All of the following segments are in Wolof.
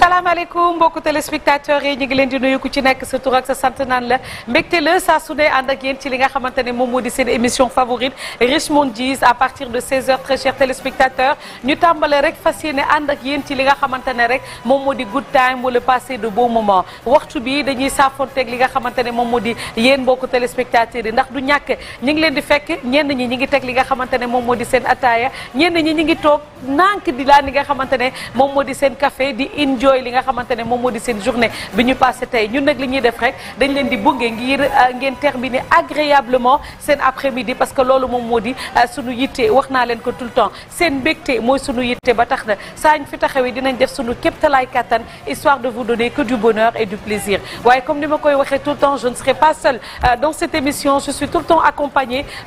salaamaaleykum mbokku téléspectateurs yi ñu ngi leen di nuyu ko ci nekk sa tur ak sa sant naan la mbégte la saa su ne ànd ak yéen ci li nga xamante ne moom moo di seen émission favorite Rich Mondis à partir de 16h très chers téléspectateurs ñu tàmbale rek fas ànd ak yéen ci li nga xamante ne rek moom moo di good time wala passé de beau moment waxtu bi dañuy saafonteeg li nga xamante ne moom moo di yéen mbokku téléspectateurs yi ndax du ñàkk ñu ngi leen di fekk ñenn ñi ñi ngi teg li nga xamante ne moom moo di seen ataaya ñenn ñi ñi ngi toog nànk di laa li nga xamante ne moom moo di seen café di enjoy jooy li nga xamante ne moom moo di seen journée bi ñu passé tey ñun nag li ñuy def rek dañ leen di bunge ngir euh, ngeen terminer agréablement seen après-midi parce que loolu moom moo di euh, yitte wax naa leen ko tout le temps seen mbégte mooy sunu yitte ba na saa ñu fi taxawee dinañ def sunu képptalaay kattan histoire de vous donner que du bonheur et du plaisir waaye comme ni ma koy waxee tout le temps je euh,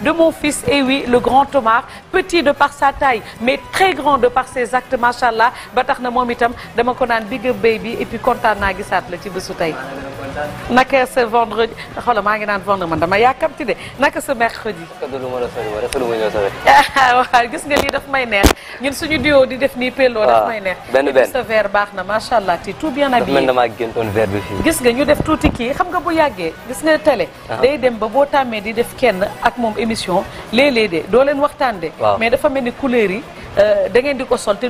de mon fils et oui le grand Omar big up baby et puis kontaan naa gisaat la ci bésu tey. naka sa vendredi xoolal maa ngi naan vendredi man dama yàkkamti de naka sa mercredi. Ah, ah, waaw gis nga lii daf may neex ñun suñu duo di def nii pelloo daf ah, may neex. benn benn sa verre baax na macha allah ti tout bien habillé. daf damaa gëntoon verre bi fii. gis nga ñu def tuuti kii xam nga bu yàggee gis nga télé. day dem ba boo tàmmee di def kenn ak moom émission léeg-léeg de doo leen waxtaan de. mais dafa mel ni couleur yi euh, da ngeen di ko sol te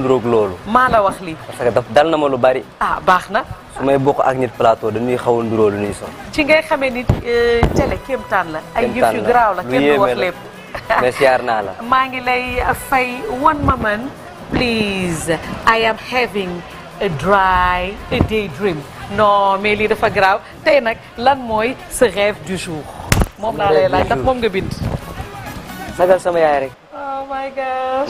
nuroog loolu. maa la wax lii. parce daf dal na ma lu bari. Ah, baax na. su may bokk ak nit plateau dañuy xaw a nuróo lu ñuy soxla. ci ngay xamee ni euh, télé kéemtaan la. ay yëf yu garaaw la kenn du wax lépp. mais siyaar naa la. maa ngi lay fay one moment please I am having lii dafa garaaw tey nag lan mooy sa rêve du jour. moom laa lay laaj ndax moom nga bind. sagal sama yaay rek. oh my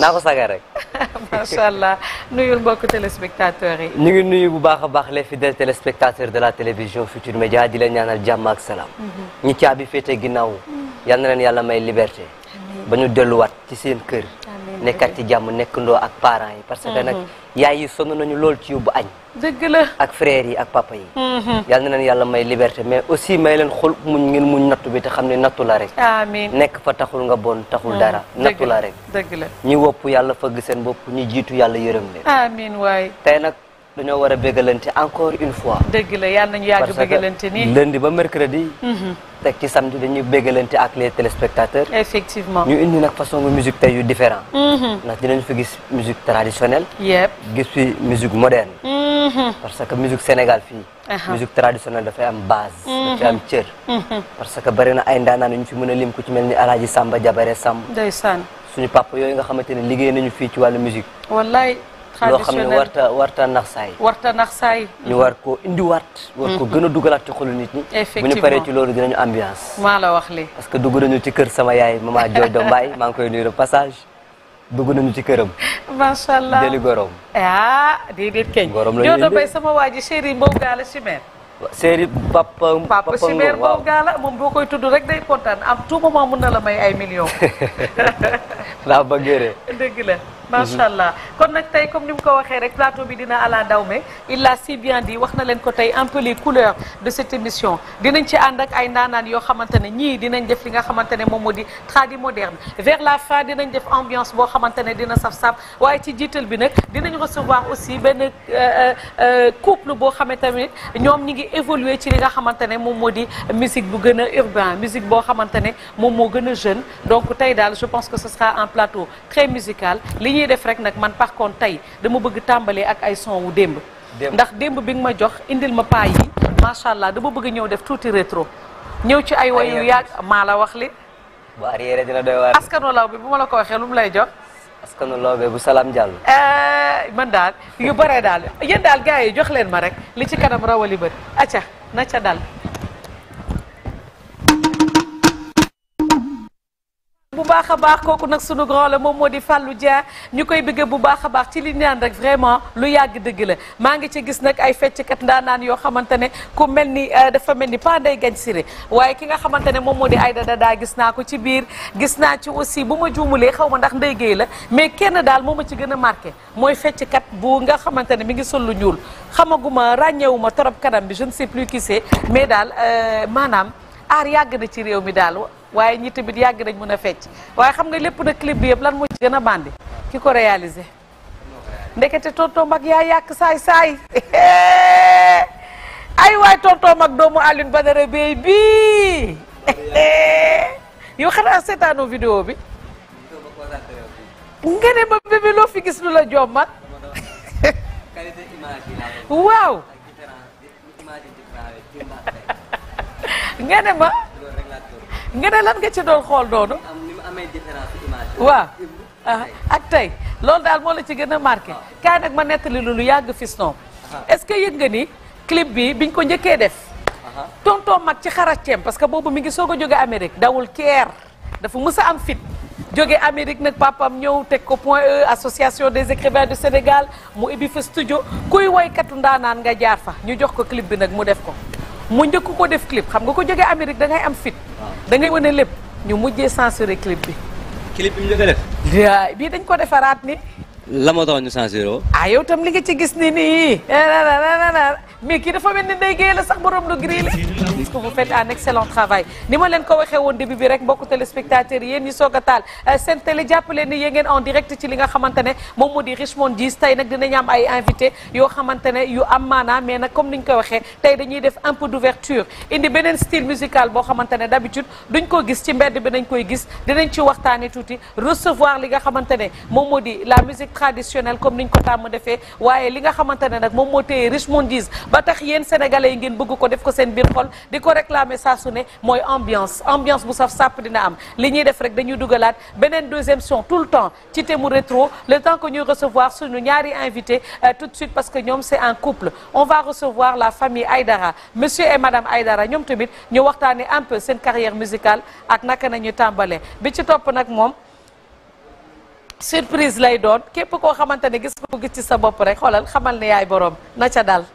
naa ko saga rek. macha allah nuyul mbokku téléspectateurs yi. ñu nuyu bu baax a baax le fidèles téléspectateurs de la télévision Futur Média di leen ñaanal jàmm ak salaam. Mhm. ñi caabi féete ginnaaw. Mhm. yal na leen yàlla may liberté. ba ñu delluwaat ci seen kër. nekkat ci nekk nekkandoo ak parents yi parce que mhm. nag yaay yi sonn nañu lool ci yóbbu añ dëgg la ak frères yi ak papa yi mhm. yal na leen yàlla may liberté mais aussi may leen xol muñ ngeen muñ nattu bi te xam ne nattu la rek amiin nekk fa taxul nga bon taxul mhm. dara nattu la rek dëgg la ñi wopp yàlla fëgg seen bopp ñi jiitu yàlla yërëm leen dañoo war a bégalante encore une fois. dëgg la yàlla nañu yàgg bégalante ni lundi ba mercredi. Mhm. teg ci samedi dañuy bégalante ak les téléspectateurs. effectivement ñu indi nag façon musique tey yu différent mhm. ndax dinañ fi gis musique traditionnelle. yëpp gis fi musique moderne. Mhm. parce que musique Sénégal fi musique traditionnelle dafay am base. dafay am cër. parce que bari na ay ndaanaan ñu fi mun a lim ku ci mel ni Alaaji Samba Jabare sam ndeysaan suñu papa yooyu nga xamante ne liggéey nañu fii ci wàllu musique. loo xam ne warta warta nax saay warta nax saay ñu war ko indiwaat war ko mhm. gën a dugalaat ci xolu nit ñi effectivement bu ñu paree ci loolu dinañu ambiance maa la wax li parce que dugg nañu ci kër sama yaay mama Joy Do Mbaye maa ngi koy nuyu de passage dugg nañu ci këram macha allah jëli gorom ah déedéet keñ la ñuy sama waa ji chéri mbow gaala chimère séeri papa papa chimère gaala moom boo koy tudd rek day kontaan am tout moment mën na la may ay million laa bëggee dëgg la macha allah kon nag tey comme ni mu ko waxee rek plateau bi dina ala dawme il l'a si bien dit wax na leen ko tey un peu les couleurs de cette émission dinañ ci ànd ak ay ndaanaan yoo xamante ne ñii dinañ def li nga xamante ne moom moo di tradi moderne vers la fin dinañ def ambiance boo xamante ne dina saf-saf waaye ci jiital bi nag dinañ recevoir aussi benn euh, euh, euh, couple boo xamee tamit ñoom ñi ngi évoluer ci li nga xamante ne moom moo di musique bu gën a urbain musique boo xamante ne moom moo gën a jeune donc tey daal je pense que ce sera un plateau ñuy def rek nag man par contre tey dama bëgg tàmbalee ak ay son wu démb ndax démb bi nga ma jox indil ma paa yi macha allah dama bëgg ñëw def tuuti rétro ñëw ci ay wayu yàgg maa la wax li bu arrière dina doy waar askanu law bi bu ma la ko waxee lu mu lay jox askanu lawbe bu salaam jàll eh, man daal yu bare daal yéen daal gars yi jox leen ma rek li ci kanam rawali bët acca na dal bu baax a baax kooku nag sunu grand la moom moo di Fallou Dia ñu koy bëgg bu baax a baax ci li naan rek vraiment lu yàgg dëgg la maa ngi ci gis nag ay fecckat ndaanaan yoo xamante ne ku mel ni euh, dafa mel ni panday gañ siré waaye ki nga xamante ne moom moo di Aïda Dada gis naa ko ci biir gis naa ci aussi bu ma juumulee xaw ma ndax ndey géey la mais kenn daal moo ma ci gën a marqué mooy fecckat bu nga xamante ne mi ngi sol lu ñuul xamaguma ràññewuma torop kanam bi je ne sais plus mais daal euh, maanaam aar yàgg na ci réew mi daal waaye ñi tamit yàgg nañ mën a fecc waaye xam nga lépp na clip bi yëpp lan moo ci gën a bandi ki ko réalisé ndekete tonton mag yaa yàq saay saay ay waay tonton mag doomu Alioune Badara Bey bii yow xanaa seetaanoo vidéo bi nga ne ma bébé loo fi gis lu la joom waaw nga ne ma nga ne lan nga ci doon xool doonu ni amee waaw ah, ak tey loolu daal moo la ci gën a marqué kaay nag ma nettali lu yàgg fiston ah. est-ce que yëg nga ni clip bi biñ ko njëkkee def ah. tonton mag ci xaraceem parce que boobu mi ngi soo ko jóge Amérique dawul keer dafa mus a am fit jóge Amérique nag papam ñëw teg ko point e, association des écrivains du Sénégal mu ibbi fa studio kuy woykatu ndaanaan nga jaar fa ñu jox ko clip bi nag mu def ko mu njëkk ko def clip xam nga ko jógee Amérique da ngay am fit. Ah. da wane lép ñu mujjee censuré clip bi. clip bi mu njëkk def. bii dañ ko defaraat ni la moo taxoon ñu censuré woo. ah yow tam li nga ci gis ni nii. mais kii dafa mel ni Ndeye Gueye la sax borom lu gris ni ma leen ko waxee woon début bi rek mbokku téléspectateurs yéen ñi soog a taal seen télé jàpp ni yéen en direct ci li nga xamante ne moom moo di Richmond Gis tey nag dinañ am ay invité yoo xamante yu am maanaa mais na comme ni ñu ko waxee tey dañuy def un peu d'ouverture indi beneen style musical boo xamante ne d'habitude duñ ko gis ci mbedd bi nañ koy gis dinañ ci waxtaanee ne moom moo musique comme comme ñu ko tàmm defee waaye li nga xamante ne nag moom moo téye richmondise ba tax yéen sénégalais yi ngeen bëgg ko def ko seen biir xol di ko réclamer saa su ne mooy ambiance ambiance bu saf sàpp dina am li ñuy def rek dañuy dugalaat beneen deuxième son tout le temps ci thème mu rétro le temps que ñuy recevoir suñu ñaari invité euh, tout de suite parce que ñoom c'est un couple on va recevoir la famille Aydara monsieur et madame Aydara ñoom tamit ñu waxtaanee un peu seen carrière musicale ak naka nañu tàmbalee bi ci topp nag moom surprise lay doon képp koo xamante ne gis ko gis ci sa bopp rek xoolal xamal ne yaay boroom na ca dal.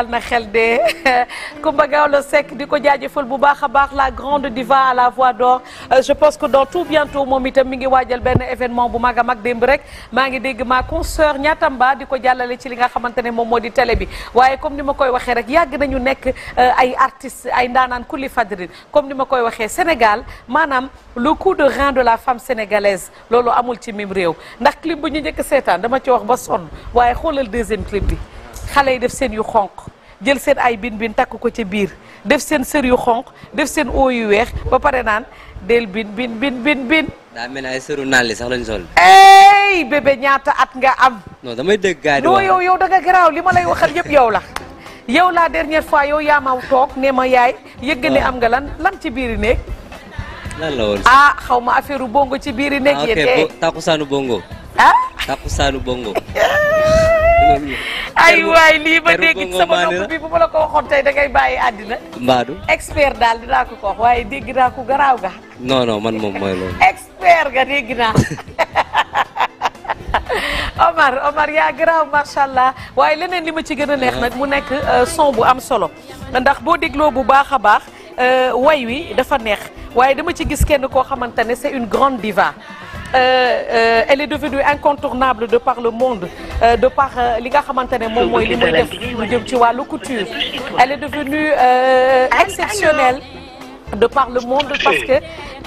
yàlla na xel de Coumba Gawlo Seck di ko jaajëfal bu baax a baax la grande diva à la voix d'or euh, je pense que dans tout bientôt moom itam mi ngi waajal benn événement bu mag a mag démb rek maa ngi dégg ma consoeur ñaatamba di ko jàllale ci li nga xamante ne moom moo di télé bi waaye comme ni ma koy waxee rek yàgg nañu nekk euh, ay artistes ay ndaanaan li fadrin comme ni ma koy waxee Sénégal maanaam le coup de rein de la femme sénégalaise loolu amul ci mim réew ndax clip bu ñu njëkk seetaan dama ci wax ba sonn waaye xoolal deuxième clip bi xale yi def seen yu xonq jël seen ay bin bin takk ko ci biir def seen sër yu xonq def seen oo yu weex ba pare naan del bin bin bin bin bin. daa naan li sax lañ sol. ey bébé ñaata at nga am. non damay dégg gars yi non yow yow da nga garaaw li ma lay waxal yëpp yow la. yow la dernière fois yow yaa ma toog ne ma yaay. yëgg ne am nga lan lan ci biir néeg. lan la woon ah xaw ma affaire bongo ci biir néeg. Ah, yéen tey ah ok bo eh. takusaanu bongo. Ah? ay waay lii ma dégg sama nopp bi bu ma la ko waxoon tey da bàyyi àddina mbaadu expert daal dinaa ko ko wax waaye dégg naa ko garaaw ga non non man moom mooy loolu expert nga dégg naa Omar Omar yaa garaaw macha allah waaye leneen li ma ci gën a neex nag mu nekk euh, son bu am solo ndax boo dégloo bu baax a baax euh, way wi dafa neex waaye dama ci gis kenn koo xamante ne c'est une grande diva Euh, euh, elle est devenue incontournable de par le monde euh, de par li nga xamante ne moom mooy li muy def lu jëm ci wàllu couture elle est devenue exceptionnelle de par le monde parce que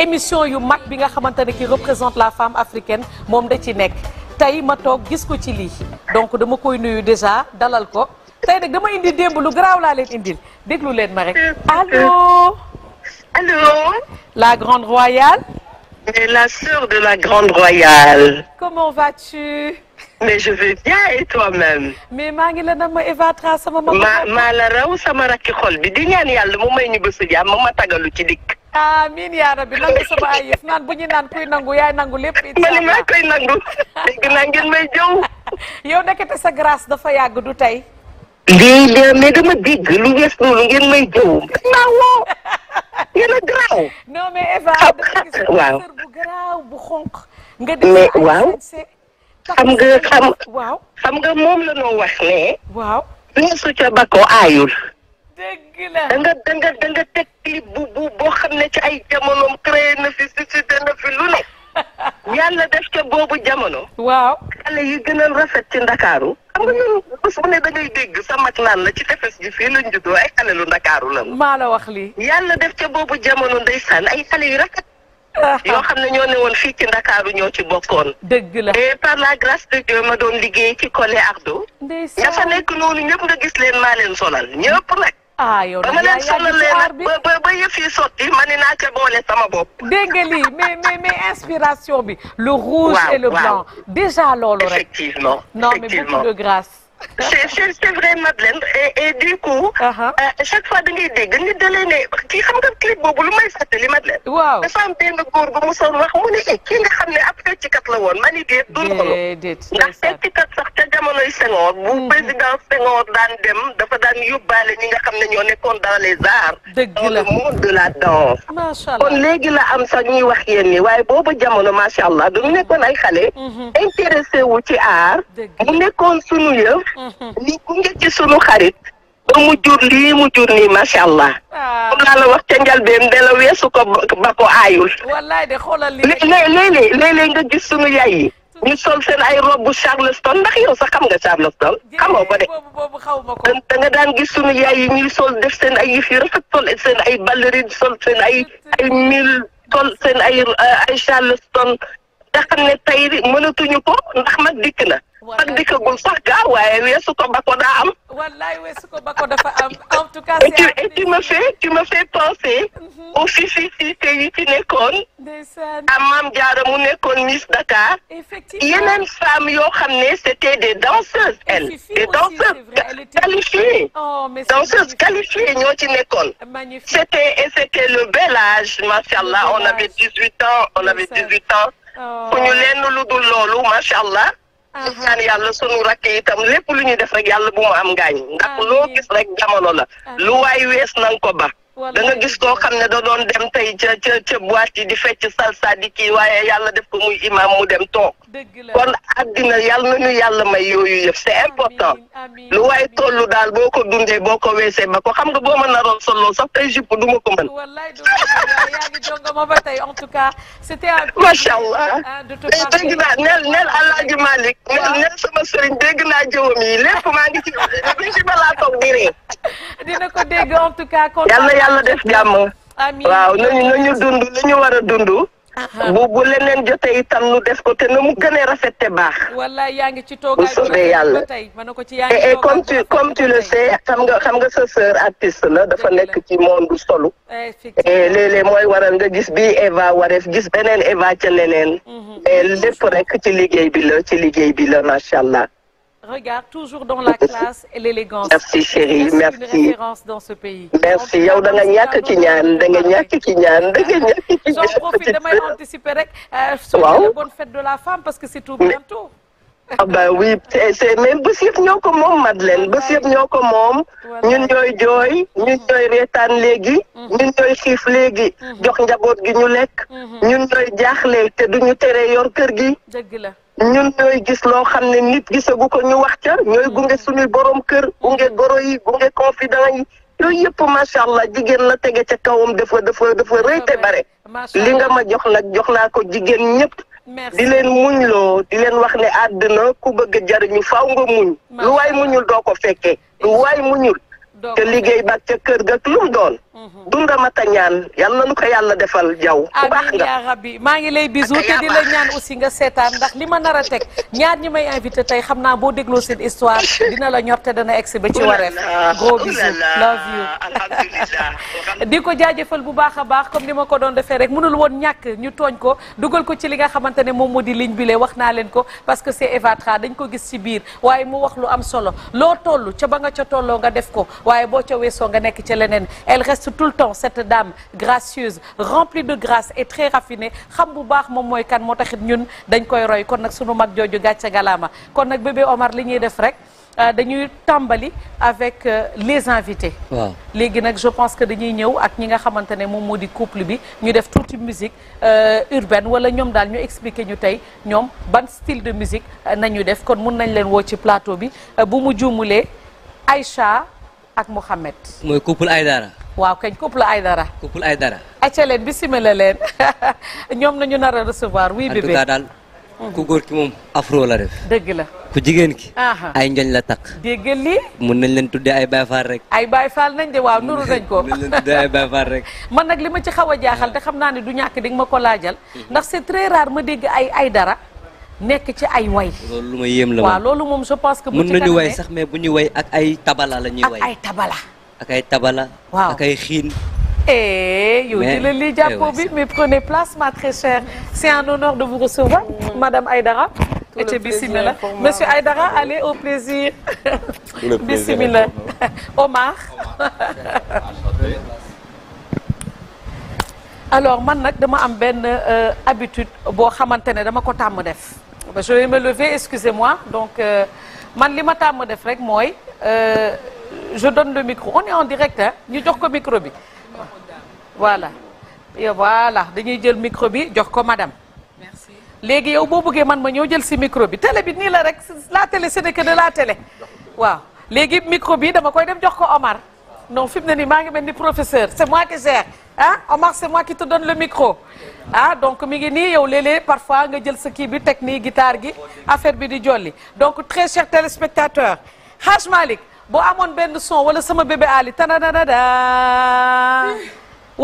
émission yu mag bi nga xamante ne qui représente la femme africaine moom da ci nekk tey ma toog gis ko ci lii donc dama koy nuyu déjà dalal ko tey nag dama indi démb lu garaaw laa leen indil déglu leen ma rek allo la grande royale Mais la sœur de la Grande Royale. Comment vas-tu? mais je vais bien et toi-même. mais maa ngi la nama Eva Tra sama. ma maa la raw sama rakki xol bi di ñaan yàlla mu may ñu bës a jàmm ma tagalu ci dikk. amiin yaa rabbi nangu sama ay yëf naan bu ñu naan kuy nangu yaay nangu lépp. incha allah ma ni maa koy nangu. dégg naa ngeen may jëw. yow ndekete sa grâce dafa yàgg du tey. lii de mais dama dégg lu wees noonu ngeen may jëw naa woo yéen waaw bu xonq. nga def waaw. xam nga xam. xam nga moom la noo wax ne. waaw weesu ca bako aayul. dëgg la da nga da teg clip boo xam ne ci ay jamono créé na fi si si dana fi lu ne. yàlla def ca boobu jamono. waaw xale yi gën a rafet ci Ndakaaru. xam nga ñun bés bu ne da ngay dégg sa mag naan la ci tefes gi fii lañ juddoo ay xale lu ndakaaru la maa la wax lii. yàlla def ca boobu jamono ndeysaan ay xale yu rafet. Ah. yoo xam ne ñoo ne woon fii ci ndakaaru ñoo ci bokkoon. dégg la et par la grâce de Dieu ma doon liggéey ci Collé Ardo. ndeysaan ña nekk noonu ñëpp nga gis leen maa leen solal ñëpp nag. ah yow dama leen sonal ba ba ba yëf yi sotti ma ne naa ca boole sama bopp. dégg nga lii mais mais mais inspiration bi. le rouge et le blanc déjà loolu rek. effectivement non mais beaucoup de grâce. c'est c'est vrai Madeleine et et du coup. Uh-huh. Euh, chaque fois da ngay dégg nit da xam nga clip boobu lu may fàttali Madeleine. waaw dafa am benn góor gu mu sonn wax mu ne eh nga xam ne ab feccikat la woon mani déet. déedéet du ndax feccikat sax ca jamonoy Senghor. bu mm-hmm. président Senghor daan dem dafa daan yóbbaale ñi nga xam na ñoo nekkoon dans les arts. dëgg la dans le monde de la danse. kon léegi la am sax ñuy wax yéen ñi waaye boobu jamono macha allah dañu nekkoon ay xale. Mm-hmm. intéressé wu ci art. mu nekkoon sunu ñu gunge ci sunu xarit ba mu jur lii mu jur nii macha allah. waaw ah. laa la wax ca njalbeen de la weesu ko ba ko aayul. wallaay de xoolal li léeg-léeg léeg-léeg nga gis sunu yaay yi. ñu sol seen ay robu Charleston ndax yow sax xam nga Charleston xamoo ko de da nga daan gis sunu yaay yi ñuy sol def seen ay yëf yu rafet sol seen ay ballerine sol seen ay ay mil sol seen ay ay Charleston nga xam ne tey mënatuñu ko ndax mag dikk na. ak dikkagul sax gaa waaye weesu ko ba daa am. wallaay weesu ko ba ko dafa am en tout cas. c' est tu me fais tu me fais penser. Mhm. au fifisité yi ci nekkoon. ndeysaan à Mame Diarra mu nekkoon Miss Dakar. effectivement yeneen femmes yoo xam ne c' était des danseuses. elles des danseuses qualifiées. oh mais danseuses qualifiées ñoo ci nekkoon. magnifique c' était et c' était le bel âge macha allah on avait 18 ans on avait 18 ans. Oh. fu ñu lenn lu dul loolu macha allah. di ñaan yàlla sunu rakk itam lépp lu ñuy def rek yàlla bu mu am ngaañ ndax loo gis rek jamono la lu waay wees na ko ba da nga gis koo xam ne da doon dem tey ca ca ca boîte yi di fecc salsa di kii waaye yàlla def ko muy imam mu dem toog kon àddina yàlla na ñu yàlla may yooyu yëpp c'est important lu waaye tollu daal boo ko dundee boo ko weesee ba ko xam nga boo man naroon solo sax tey jupp du ma ko mën. macha allah tey dégg naa nel nel Alaaji Malick nel nel sama sëriñ dégg naa jëwam yi lépp maa ngi ci dama ci balaa toog di ree. yàlla def jàmm. amiin waaw nañu nañu dund li ñu war a dund. bu bu leneen jotee itam nu def ko te na mu gënee rafet te baax. wallaay yaa ngi ci toogaay bu soobee yàlla. et eh, eh, comme tu comme tu le sais xam nga xam nga sa seur artiste la dafa nekk ci monde solu. et eh, léeg-léeg mooy waral nga gis bii Eva Wareef gis beneen Eva ca leneen. mais mhm. lépp rek ci liggéey bi la ci liggéey bi la macha allah. Regarde, toujours dans la classe et l'élégance. Merci chérie, merci. C'est une référence dans ce pays. Merci yow da nga ñàkk ci ñaan da nga ñàkk ci ñaan da nga ñàkk ci ñaan. J'en profite damay anticiper rek. Euh, waaw bonne fête de la femme parce que c'est tout bientôt. ah bah oui c'est même bés yëpp ñoo ko moom Madeleine bés yëpp ñoo ko moom ñun ñooy jooy ñun mm-hmm. ñooy reetaan léegi mm-hmm. ñun ñooy xiif léegi mm-hmm. jox njaboot gi ñu lekk ñun ñooy jaaxle te duñu tere yor kër gi. dëgg la. ñun ñooy gis loo xam ne nit gisagu ko ñu wax ca ñooy gunge suñuy borom kër gunge goro yi gunge confident yi yooyu yëpp macha allah jigéen la tege ca kawam dafa dafa dafa rëy te bare li nga ma jox nag jox naa ko jigéen ñëpp di leen muñ loo di leen wax ne àddina ku bëgg jariñu faw nga muñ lu waay muñul doo ko fekkee lu waay muñul te liggéey bak ca kër ga lu doon Mm-hmm. dunda mata ñaan yal na ko yàlla defal jaw bu baax nga amiin maa ngi lay bisu te di la ñaan aussi nga seetaan ndax li ma nar teg ñaar ñi may invité tey xam naa boo dégloo seen histoire dina la ñor te dana egsi ba ci wareef. gros bisu love you alhamdulilah di ko jaajëfal bu baax a baax comme ni ma ko doon defee rek mënul woon ñàkk ñu tooñ ko dugal ko ci li nga xamante ne moom moo di ligne bi lee wax naa leen ko parce que c'est Evatra dañ ko gis ci biir waaye mu wax lu am solo loo toll ca ba nga ca tolloo nga def ko waaye boo ca weesoo nga nekk ca leneen elle reste tout le temps cette dame gracieuse remplie de grâce et très raffinée xam bu baax moom mooy kan moo taxit ñun dañ koy roy kon nag sunu mag jooju gàcce galaama kon nag bébé Omar li ñuy def rek euh, dañuy tàmbali avec euh, les invités. léegi nag je pense que dañuy ñëw ak ñi nga xamante ne moom moo di couple bi ñu def tuuti musique euh, urbaine wala ñoom daal ñu expliquer ñu tey ñoom ban style de musique nañu def kon mun nañ leen woo ci plateau bi bu mu juumulee Aïcha ak Mohamed. mooy couple Aïdara. waaw kañ couple ay dara. couple ay dara. acca leen bisimila ñoom nañu nar a recevoir. oui bébé en daal ku góor ki moom afro la def. dëgg la ku jigéen ki. ay njoñ la takk. dégg lii. mun nañ leen tuddee ay bayfaal rek. ay baay bayfaal nañ de waaw nuru nañ ko. mun nañ leen tuddee man nag li ma ci xaw a jaaxal te xam naa ne du ñàkk di nga ma ko laajal. Mhm. ndax c'est très rare ma dégg ay dara. nekk ci ay way. loolu lu ma yéem la waaw loolu moom je pense que. bu ci mun nañu way sax mais bu ñu way ak ay tabala la ñuy way ay tabala. ak ay tabala. waaw ak ay xiin. et eh, yow di la lii jàppoo bi mais prenez place ma très chère c'est un honneur de vous recevoir mm. madame Aïdara. monsieur Aïdara allez au plaisir. tout Omar. alors man nag dama am benn euh, habitude boo xamante ne dama ko tàmm def. je vais me lever excusez-moi donc euh, man li ma tàmm def rek mooy. Euh, je donne le micro on en direct hein ñu jox ko micro voilà et voilà dañuy jël micro bi jox ko madame merci léegi yow boo bëggee man ma ñëw jël si micro bi télé bi nii la rek la télé ce n'est de la télé waaw léegi micro dama koy dem jox ko Omar non fi mu ne nii maa ngi mel ni professeur c'est moi qui gère ah Omar c'est moi qui te donne le micro ah donc mi ngi nii yow léeg-léeg parfois nga jël sa kii bi technique guitare gi affaire bi di jolli donc très chers téléspectateurs Haj Malick boo amoon benn son wala sama bébé Ali tanadadadaa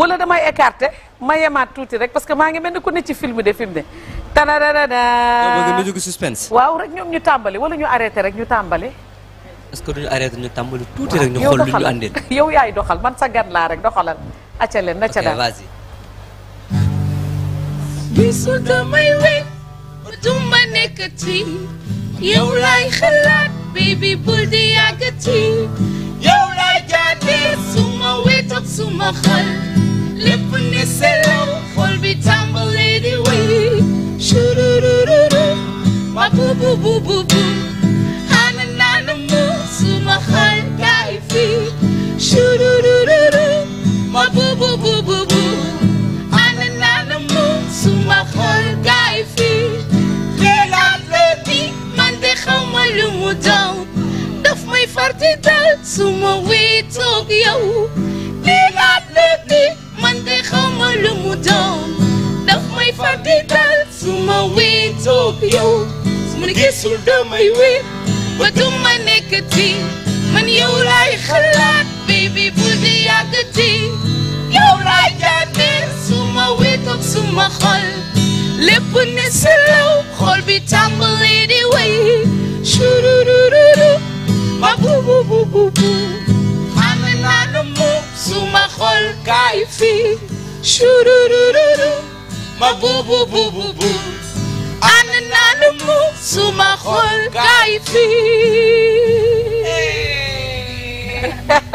wala damay écarté ma yemaat tuuti rek parce que maa ngi mel ni ku ne ci film de film de tanadadadaa. nga bëgg suspense. waaw rek ñoom ñu tàmbali wala ñu arrêté rek ñu tàmbali. est-ce que duñu arrêté ñu tàmbali tuuti rek. ñu xool lu ñu àndeen yow yaay doxal man sa gan laa rek doxalal. acale na ca daal gisul damay wéy ba du ma nekkati yow lay xalaat baby bul di yàggati yow lay jàdde suma wet ak suma xal lépp ni selaw xol bi tàmbalee di wéy shururururu ma bubu bubu bu ana nanu mu suma xal kaay fi shururururu ma bubu bubu bu ana nanu mu suma xal kaay fi li mu daw daf may dal su ma wéetoog yow lii laa léegi man de xaw mu daw daf may dal su ma wéetoog yow su ma gisul damay wéet ba du ma nekkati man yow laay xalaat baby bu di yàggati yow laay jaatee su ma wéetoog su ma xol lépp ne selaw xol bi tàmbali di way sururururu ma bubu bubu bu xam naa lu mu suma xol kaay fi sururururu ma bubu bubu bu ànd naa lu mu suma xol kaay fi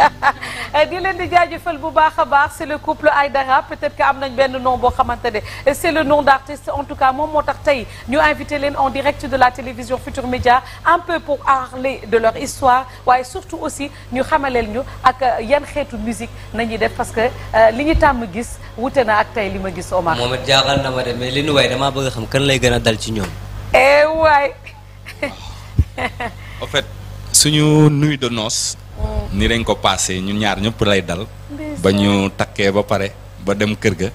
Eh, di leen di jaajëfal bu baax a baax c'est le couple Aïdara peut-être que am nañ benn nom boo xamante ne c'est le nom d'artiste en tout cas moom moo tax tey ñu invité leen en direct de la télévision Futur Média un peu pour parler de leur histoire waaye surtout aussi ñu xamaleel ñu ak euh, yan xeetu musique nañuy def parce que euh, li ñu tàmm gis wute na ak tey li ma gis Omar. moom a jaaxal na ma de mais li nu way damaa bëgg xam kan lay gën a dal ci eh, suñu nuit de noces. ni dañ ko passé ñun ñaar ñëpp lay dal. ba ñu takkee ba pare ba dem kër ga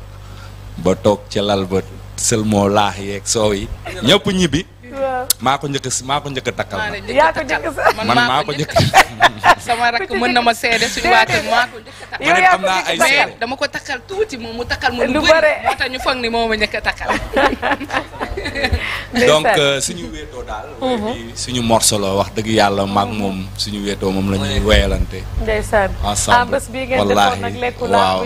ba toog ca lal ba sëlmoo laax yeeg soow yi ñëpp ñibbi. maa ko njëkk si maa ko njëkk a takkal. maa ko njëkk a man maa ko njëkk sama rakk mën na ma seede suñu waate maa ko njëkk a takkal. yow yaa ko njëkk a takkal mais dama ko takkal tuuti moom mu takkal ma lu bëri moo tax ñu foog ni moom a njëkk a takkal. donc suñu wéetoo daal. suñu morso la wax dëgg yàlla maag moom suñu wéetoo moom la ñuy wéyalante. ndeysaan ensemble wallaahi waaw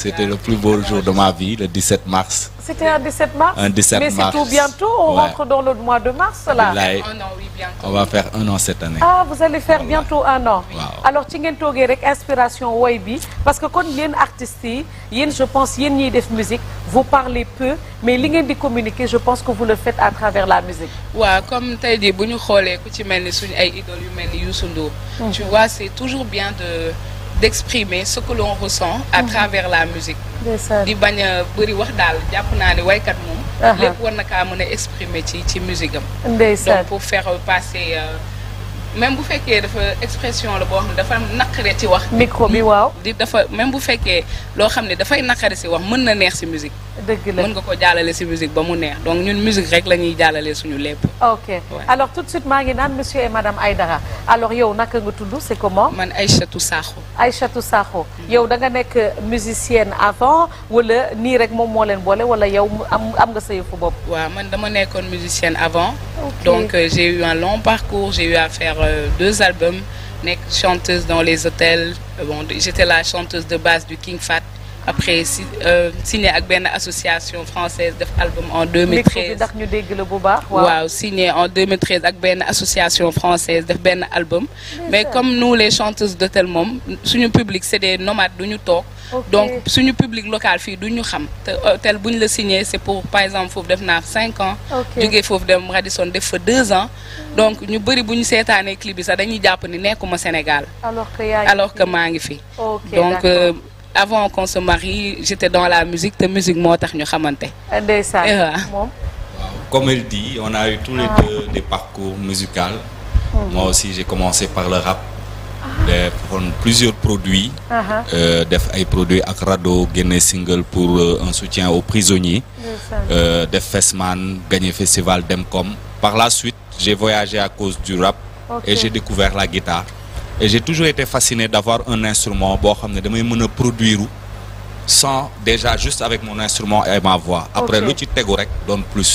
c'était le plus beau jour de ma vie le 17 mars. C'était un 17 mars. Un 17 mais mars. Mais c'est tout bientôt, on rentre dans le mois de mars là. là un an, oui, bientôt. On va faire un an cette année. Ah, vous allez faire bientôt un an. Alors ci ngeen toogee rek inspiration woy bi parce que kon yéen artistes yi yéen je pense yéen ñiy def musique vous parlez peu mais li ngeen di communiquer je pense que vous le faites à travers la musique. waaw comme tey jii bu ñu xoolee ku ci mel ni suñu ay idoles yu mel ni Youssou Ndour. Hmm. tu vois c'est toujours bien de. d'exprimer ce que l'on ressent à mhm. travers la musique di bañ a bëri wax daal jàpp naa ne waykat moom lépp war na mën a exprimer ci ci musique am donc pour faire passer euh, même bu fekkee dafa expression la boo xam ne dafa naqare ci wax micro bi waaw di dafa même bu fekkee loo xam ne dafay naqare si wax mën na neex si musique dëgg la mën nga ko jàllale si musique mu neex donc ñun musique rek la ñuy jàllale suñu lépp. ok alors tout de maa ngi naan monsieur et madame Aïdara alors yow naka nga tudd c'est comment. man Aïchatou Sakho. Aïchatou Sakho mm. yow da nga nekk musicienne avant wala nii rek moom moo leen boole wala yow am am nga sa yëfu bopp. waaw man dama nekkoon musicienne avant. donc euh, j'ai eu un long parcours j'ai eu à euh, deux albums nekk chanteuse dans les hôtels euh, bon j'étais la chanteuse de base du King Fat. après si euh, signé ak benn association française def album en 2013 ndax ñu dégg la bu baax waaw signé en 2013 ak benn association française def benn album mais comme nu les chanteuses d'hôtel moom suñu public c'est des nomade du ñu toog donc suñu public local fii du ñu xam te hôtel euh, bu ñu la signé c'est pour par exemple foofu def naa cinq ans jógee foofu dem Radisson def fa deux ans donc ñu bëri bu ñu seetaanee clip bi sax dañuy jàpp ni nekkuma Sénégal alors que maa ngi fi donc euh, avant qu'on se marie dans la musique te musique moo tax ñu xamante. ndeysaan eh moom. waaw comme elle dit on a eu tous les ah. deux des parcours musicaux. Oh. moi aussi j'ai commencé par le rap. defoon ah. plusieurs produits. Uh-huh. Euh, def ay produits ak rajo génne single pour euh, un soutien aux prisonniers. Euh, def Fesman gagné festival Demcom. par la suite j'ai voyagé à cause du rap. et j'ai découvert la guitare. et j'ai toujours été fasciné d'avoir un instrument boo xam ne damay mën a produire sans déjà juste avec mon instrument et ma voix après lu ci tegu rek doon plus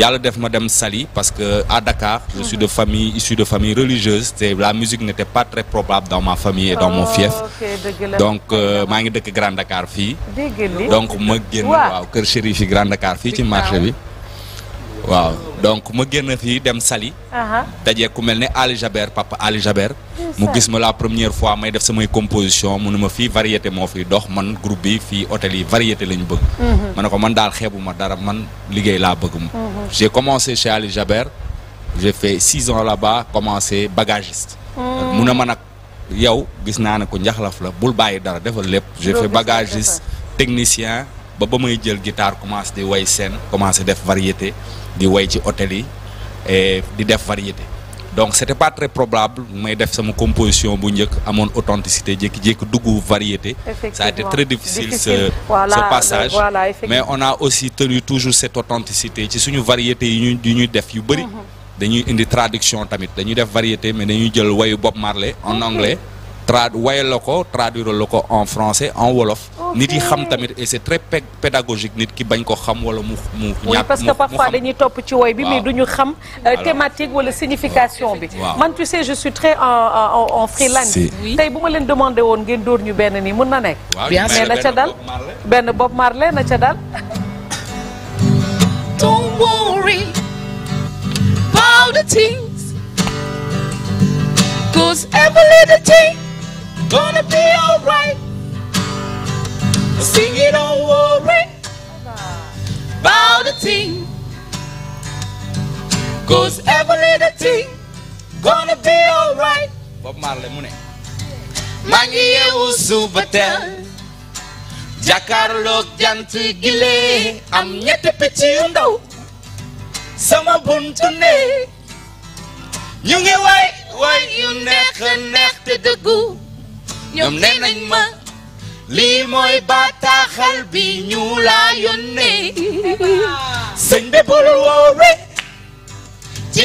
yàlla def ma dem Saly parce que à Dakar je suis de famille issue de famille religieuse te la musique n'était pas très probable dans ma famille et dans mon fief oh, donc euh, maa ngi dëkk grande Dakar fii donc ma génn waaw kër Chérif yi Grand Dakar fii ci marché bi waaw donc ma génn fii dem sali dajee ku mel ne Ali Jaber papa Ali mu gis ma la première fois may def samay composition mu ma fii variété moo fiy dox man groupe bi fii hôtel yi variété lañu bëgg. Mhm. ma ne ko man daal xeebu ma dara man liggéey laa bëgg ma. Mhm. j'ai commencé chez Ali Jaber j'ai fait six ans là-bas commencé bagagiste. Mhm. mu ne man nag yow gis naa ne ko njaxlaf la bul bàyyi dara defal lépp. j'ai fait bagagiste technicien ba ba may jël guitare commencé di way scène commencé def variété. di way ci hôtel yi et di def variété donc c' était pas très probable may def sama composition bu njëkk amoon authenticité jékki-jékki dugg variété. ça a été très difficile ce passage voilà, mais on a aussi tenu toujours cette authenticité ci suñu variété yi ñuy yi ñuy def yu bëri. Mhm. dañuy indi traduction tamit dañuy def variété mais dañuy jël wayu Bob Marley en anglais. trad wayal la ko traduire la ko en français en wolof. nit yi xam tamit et c'est très pédagogique nit ki bañ ko xam wala mu mu. mu xam parce que parfois dañuy topp ci woy bi. mais ñu xam euh, thématique wala signification bi. man tu sais je suis très en en freelance. tey bu ma leen demandé woon ngeen dóor ñu benn nii mën na nekk. bien mais na ca dal benn Bob Marley na ca dal. jàngale mu ne maa ngi yeewu suba teel jàkkaarloog jant gilee am ñetti picc yu ndaw sama buntu ne ñu ngi waay waay neex neex dëggu ñoom nee nañ ma lii mooy bataaxal bi ñu laa yónnee sëñ bi bul woowe ci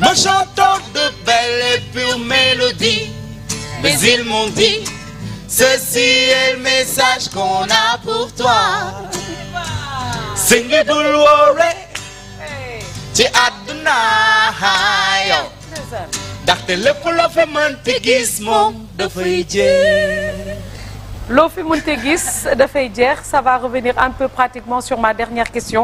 me chantant de belles et pures mélodies. Mais ils dit, ceci est le message qu'on a toi. Sing it, don't worry, ci àdduna yow. ndaxte lépp loo fa mënti gis moom dafay jeex. loo fi mënte gis dafay jeex ça va revenir un peu pratiquement sur ma dernière question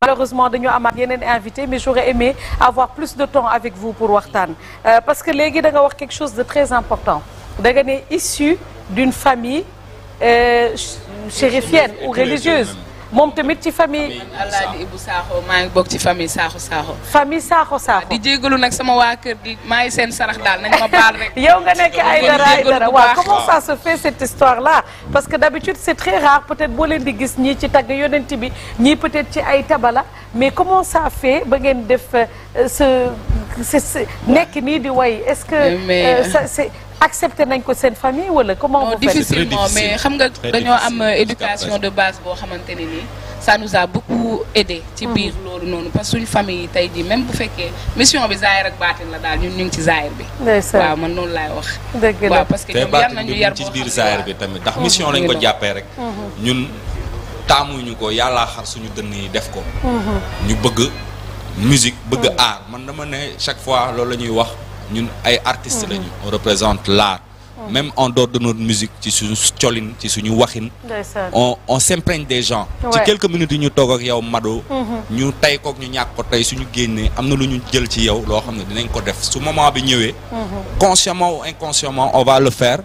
malheureusement dañoo amaat yeneen invité mais j'aurais aimé avoir plus de temps avec vous pour waxtaan euh, parce que léegi da nga wax quelque chose de très important da nga ne issu d'une famille euh, chérifienne ou religieuse moom tamit ci famille. Alaaji Saaxo maa ngi bokk ci famille Saaxo Saaxo. famille Saaxo Saaxo. di jégalu nag sama waa kër di maa ngi seen sarax daal nañ ma baal rek. yow nga nekk ay dara ay dara waaw comment ça se fait cette histoire là. parce que d'habitude c'est très rare peut-être boo leen di gis ñii ci tagg yonent bi ñii peut-être ci ay tabala mais comment ça fait ba ngeen def euh, nekk nii di way est-ce que. Euh, euh, ça c'est accepté nañ ko seen famille wala comment non, vous faites difficilement mais xam nga dañoo am éducation de base boo xamante ne nii ça nous a beaucoup aidé ci mm-hmm. biir loolu noonu parce que suñu famille yi tey jii même bu fekkee mission bi zaahir ak baatin la daal ñun ñu ngi ci zaahir bi waaw man noonu laay wax dëgg parce que ñoom nañu yar biir zaahir bi tamit ndax mission mm-hmm. lañ ko jàppee rek mm-hmm. ñun taamuñu ko yàllaa xar suñu dënn yi def ko ñu bëgg musique bëgg art man dama ne chaque fois loolu la ñuy wax ñun ay artistes lañu. Mm-hmm. on représente l'art mm. même en dehors de notre musique ci suñu colin ci suñu waxin. on on s'imprègne des gens. ci quelques minutes yi ñu toog ak yow Mado. Mm-hmm. ñu tey kook ñu ñàkk ko tey suñu génnee am na lu ñu jël ci yow loo xam ne dinañ ko def su moment bi ñëwee. Mm-hmm. consciemment ou inconsciemment on va le faire.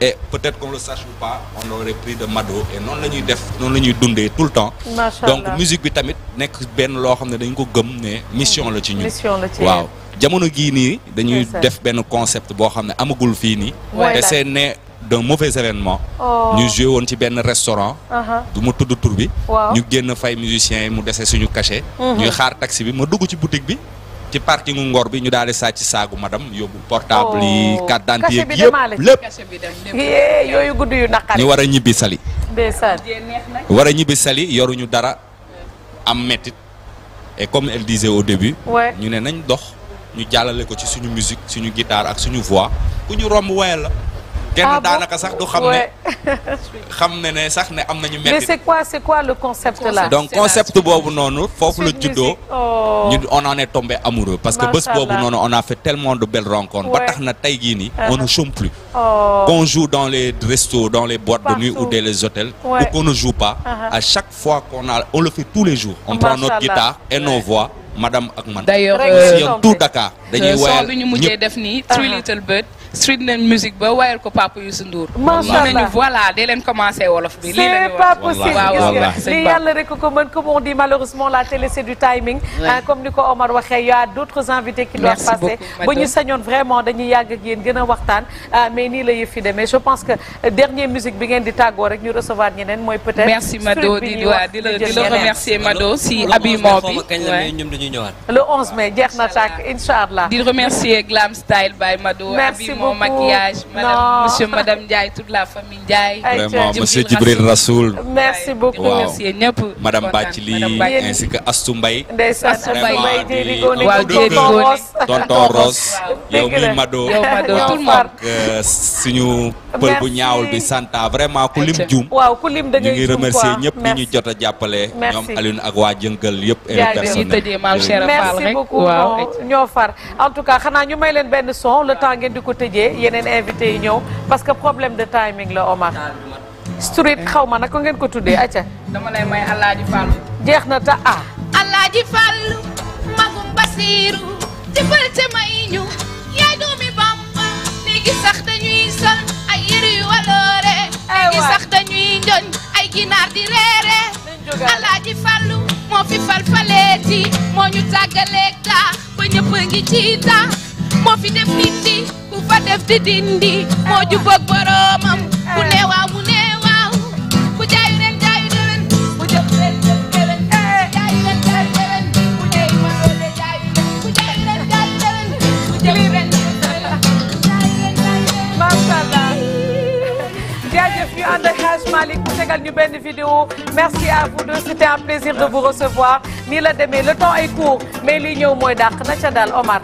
et peut-être qu'on le sache ou pas on aurait pris de Mado et noonu la ñuy def noonu la ñuy dundee tout le temps. donc musique bi tamit nekk benn loo xam ne dañ ko gëm ne mission la ci ñun. waaw. jamono gii nii dañuy def benn concept boo xam ne amagul fii nii te c'est né d'un mauvais événement oh. ñu joué woon ci benn restaurant uh-huh. du ma tudd tur bi ñu génn fay musiciens yi mu dese suñu cachet uh-huh. ñuy xaar taxi bi ma dugg ci boutique bi ci parkingu ngor bi ñu daal di sàcc saagu madam yóbbu portable yi oh. carte d'identité yëpp lépp yooyu gudd ñu war a ñibbi sali war a ñibbi sali yoruñu dara am mettit et comme elle disait au début ñu ne nañ dox ñu jàllale ko ci suñu musique suñu guitare ak suñu voix ku ñu romb woyal la. kenn ah daanaka sax du xam ne xam ne ne sax ne am nañu. métti mais c'est quoi c'est quoi le concept là. donc concept boobu noonu. foofu la juddoo oh. ñu on en est tombé amoureux. parce que bés boobu noonu on a fait tellement de belles rencontres. ba tax na tey jii nii. on ne uh-huh. chôme plus. Oh. qu'on joue dans les restos dans les boîtes de nuit ou dans les hôtels. qu'on ne joue pas. Uh-huh. à chaque fois qu'on le fait tous les jours. on prend notre guitare et nos voix. madame ak man. d'ailleurs euh, tout Dakar. dañuy euh, woyal ñëpp son bi ñu mujjee def nii. Three ah. Little street leen musique ba wayal ko papa Youssou Ndour. macha allah nañu voilà di leen commencé wolof bi. lii la ñu wax wallaahi c' lii yàlla rek ko mën comme on dit malheureusement la télé c' est du timing. comme ni ko Omar waxee y' a d' autres invités. qui doivent passer ba ñu sañoon vraiment dañuy yàgg ak yéen gën a waxtaan. Ah, mais nii la yëf fi demee je pense que euh, dernier musique bi ngeen di tàggoo rek ñu recevoir ñeneen mooy peut être. merci Mado di la di la remercier Mado si habillement bi. le 11 mai jeex na tàkk incha allah. di remercier Glam Style by Mado. merci bon maquillage. madame monsieur madame Ndiaye toute la famille Ndiaye. vraiment monsieur Djibril Rassoul. merci beaucoup waaw madame Bathily ainsi que Astou Mbaye. Astou Mbaye Ross. yow mi Mado. yow Mado tout le euh, pël bu ñaawul bi santa vraiment ku lim juum. ñu ñëpp ñi ñu jot a jàppale. ñoom Alioune ak waa Jënkël yëpp. personnel merci beaucoup ñoo far en tout cas xanaa ñu may leen benn son le temps ngeen di ko tëjee jógee yeneen invité yi ñëw parce que problème de timing la Omar. street eh. xaw ma naka ngeen ko tuddee acca. dama lay may jeex na ta ah. Alaaji Fallu magum Basiiru jëfal te may ñu yaay doomi Bamba léegi sax dañuy sol ay yëri yu waloore. Eh, léegi sax dañuy njoñ ay ginaar di reere. Alaaji Fallu moo fi falfaleeti moo ñu tàggaleeg taax ba ñëpp ngi ci taax moo fi def nit ba def di dindi moo jubóog boroomam ku ne waaw mu ne waaw ku jaayu ren jaayu déwén ku jëf ren jëf déwén jaayu ren jaayu déwén ku jëf ma doole jaayu ku jaayu ren jaayu déwén ku jëf ren mashallah jaajëf ñu ànd ak Hadj Malick mu tegal ñu benn vidéo merci à vous deux c'était un plaisir de vous recevoir nii la demee le temps est court mais li ñëw mooy dàq na ca daal Omar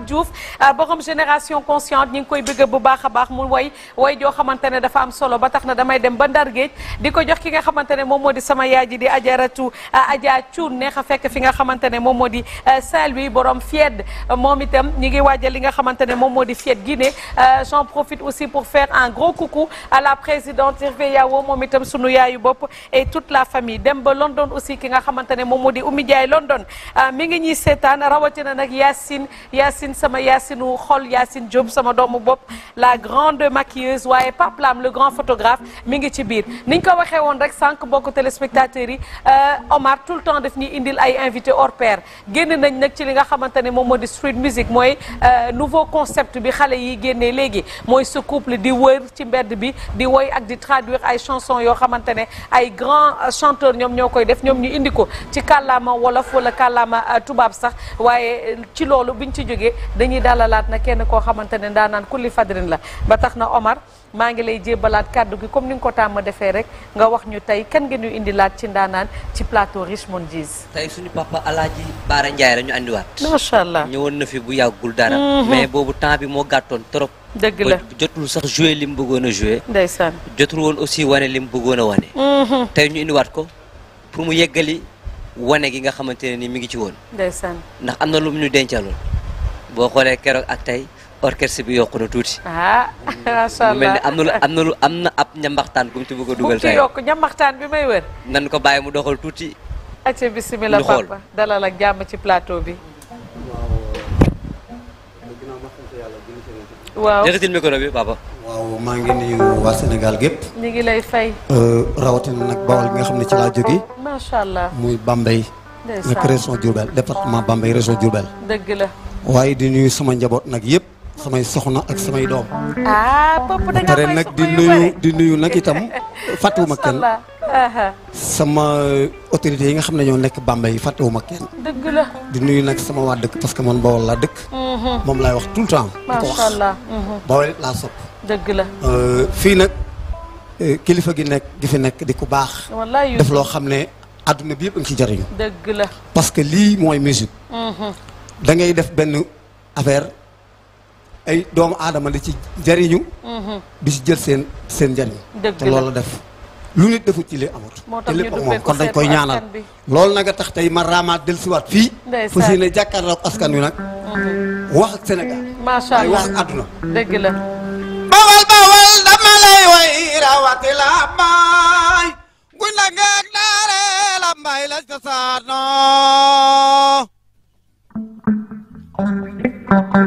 Pape Diouf Ah, borom génération consciente ñi ngi koy bëgg bu baax a baax mu way way joo xamante ne dafa am solo ba tax na damay dem ba ndar géej di ko jox ki nga xamante ne moom moo di sama yaay ji di ajaratu aja ah, cuun neex a fekk fi nga xamante ne moom moo di ah, Saint-Louis borom fied moom itam ñi ngi waajal li nga xamante ne moom moo di fied Guinée j'en profite aussi pour faire un gros coucou à la président Hervé Yawo moom itam sunu yaayu bopp et toute la famille dem ba London aussi ki nga xamante ne moom moo di Oumy Ndiaye London mi ngi ñuy seetaan rawatina nag Yacine Yacine sama Yacine Yacine wu xol Yacine Diop sama doomu bopp la grande maquilleuse waaye Pape Lam le grand photographe mi ngi ci biir niñ ko waxee woon rek sànq bokk téléspectateurs yi euh, Omar tout le temps daf ñuy indil ay invité hors pair génn nañ nag ci li nga xamante ne moom moo di street music mooy euh, nouveau concept bi xale yi génnee léegi mooy ce couple di wër ci mbedd bi di woy ak di traduire ay chansons yoo xamante ne ay grands euh, chanteurs ñoom ñoo koy def ñoom ñu indi ko ci kàllaama wolof wala kàllaama tubaab sax waaye ci loolu biñ ci jógee dalalaat na kenn koo xamante ne ndaanaan kulli fadrin la ba tax na Omar maa ngi lay jébbalaat kàddu gi comme ni nga ko tàmm defee rek nga wax ñu tey kan ngeen ñu indilaat ci ndaanaan ci plateau Richmond Gis. tey suñu papa alaaji Baara Ndiaye la ñu andiwaat. macha allah ñëwoon na fi bu yàggul dara. Mhm. mais boobu temps bi moo gàttoon trop. dëgg la jotul sax joué li mu bëggoona a joué. ndeysaan jotul woon aussi wane li mu bëggoon a wane. Mhm. tey ñu indiwaat ko pour mu yeggali wane gi nga xamante ne ni mi ngi ci woon. ndeysaan ndax am na lu ñu dencaloon. boo xoolee keroog ak tey orchestre bi yokku na tuuti. ah macha allah am na lu am na a dugal. tey bu mu bi may wër. nan ko bàyyi mu doxal tuuti. acca bisimilah papa dalal ak jàmm ci plateau bi. waaw maa ngi nuyu waa Sénégal gépp ñu ngi lay fay. Euh, rawatina nag bi nga xam ne ci laa jógee. macha allah muy Bambey. ndeysaan nag région Diourbel département Bambey dëgg la. waaye di nuyu sama njaboot nag yëpp samay soxna ak samay doom. ah papa nag di nuyu di nuyu nag itam fàttewuma kenn. sama euh, autorités yi nga xam ne ñoo nekk Bambey fàttewuma kenn. dëgg la di nuyu nag sama waa dëkk parce que moom Bawol laa dëkk. Mhm. moom laay wax tout le temps. macha allah di ko mhm. laa sopp. dëgg la euh, fii nag euh, kilifa gi nekk di fi nekk di ku baax. def loo xam ne àdduna bi yëpp a ci jariñu. dëgg parce que lii mooy musique. Mhm. dangay def benn affaire ay doomu aadama di ci jariñu mhm. di ci jël seen seen njariñ te loolu def lu nit defut ci li amut kon dañ koy ñaanal lool nag tax tey ma raamaat dellusiwaat fii fu ne jàkkaarloo ak askan wi nag mhm. wax ak Sénégal macha wax ak àdduna bawal bawal dama lay way rawati la mbaay la ngeeg daare la mbaay la cosaanoo bawal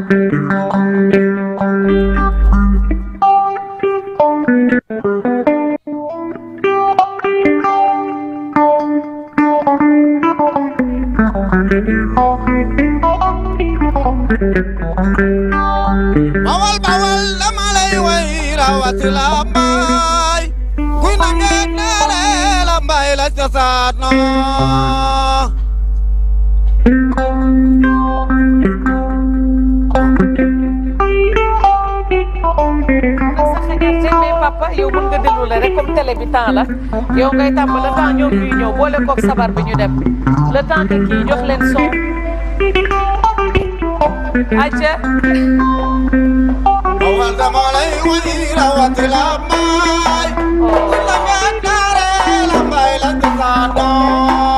bawal dama lay way rawati lambaay kuy na ngeen neele lambaay la ca saat noo que yow mën nga déglu la rek comme télé bi temps yow ngay tàmm le temps ñoom ñuy ñëw boole sabar bi ñu dem le temps que kii jox leen son. acca. awal oh. dama lay wari rawati la maay. la nga daare la mbay la tasaadoo.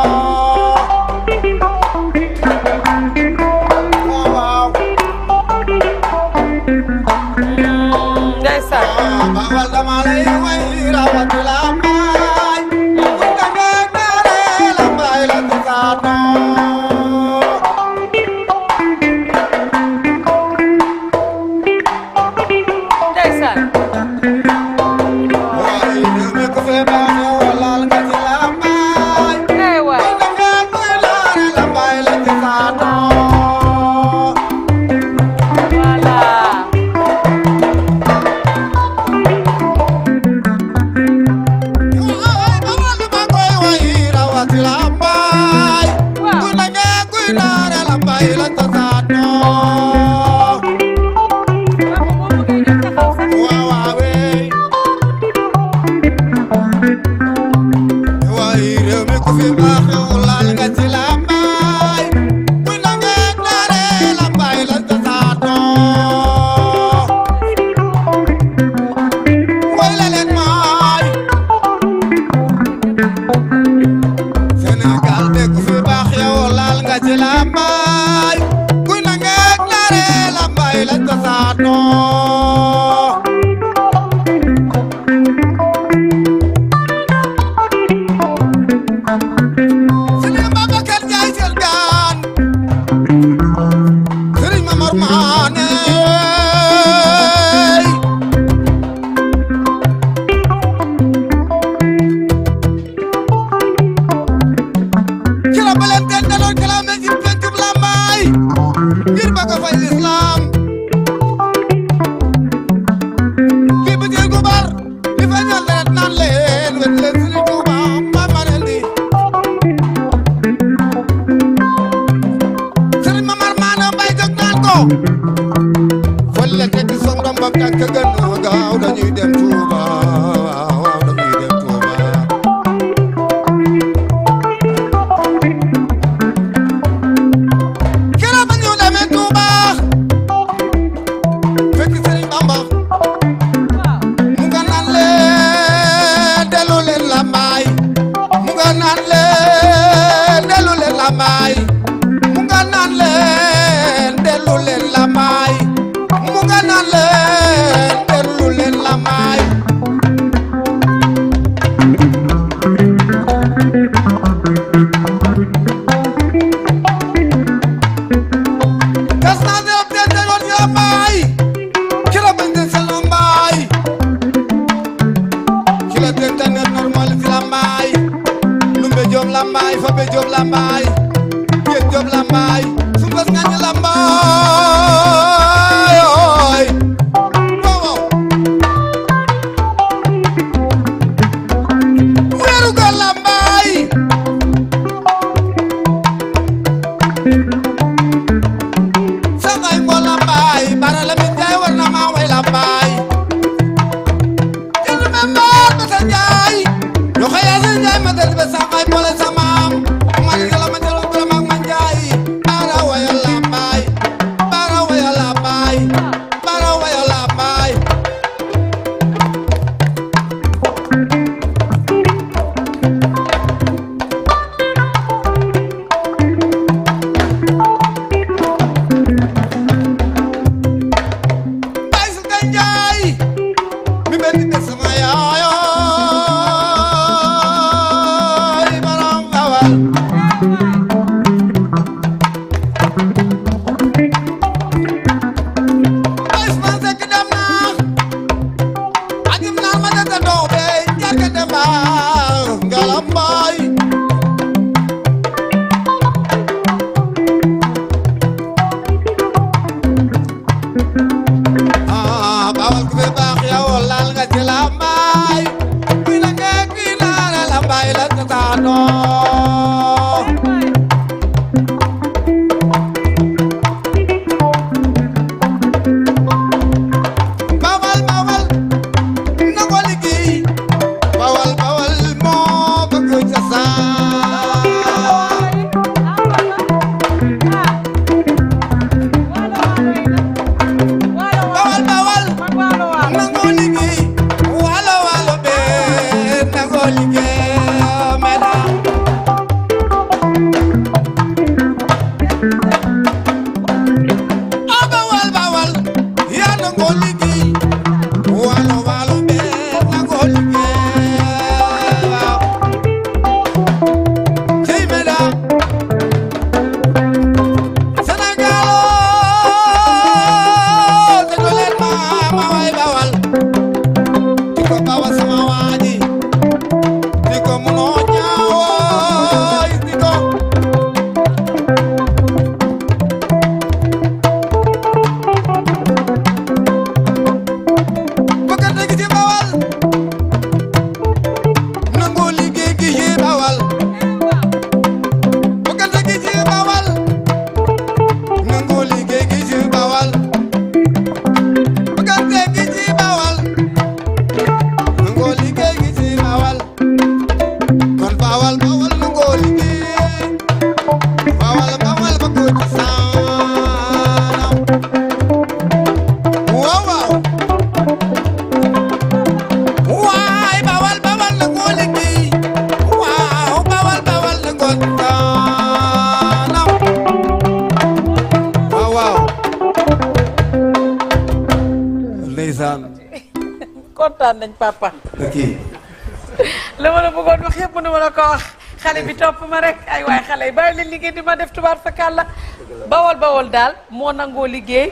daal moo nangoo liggéey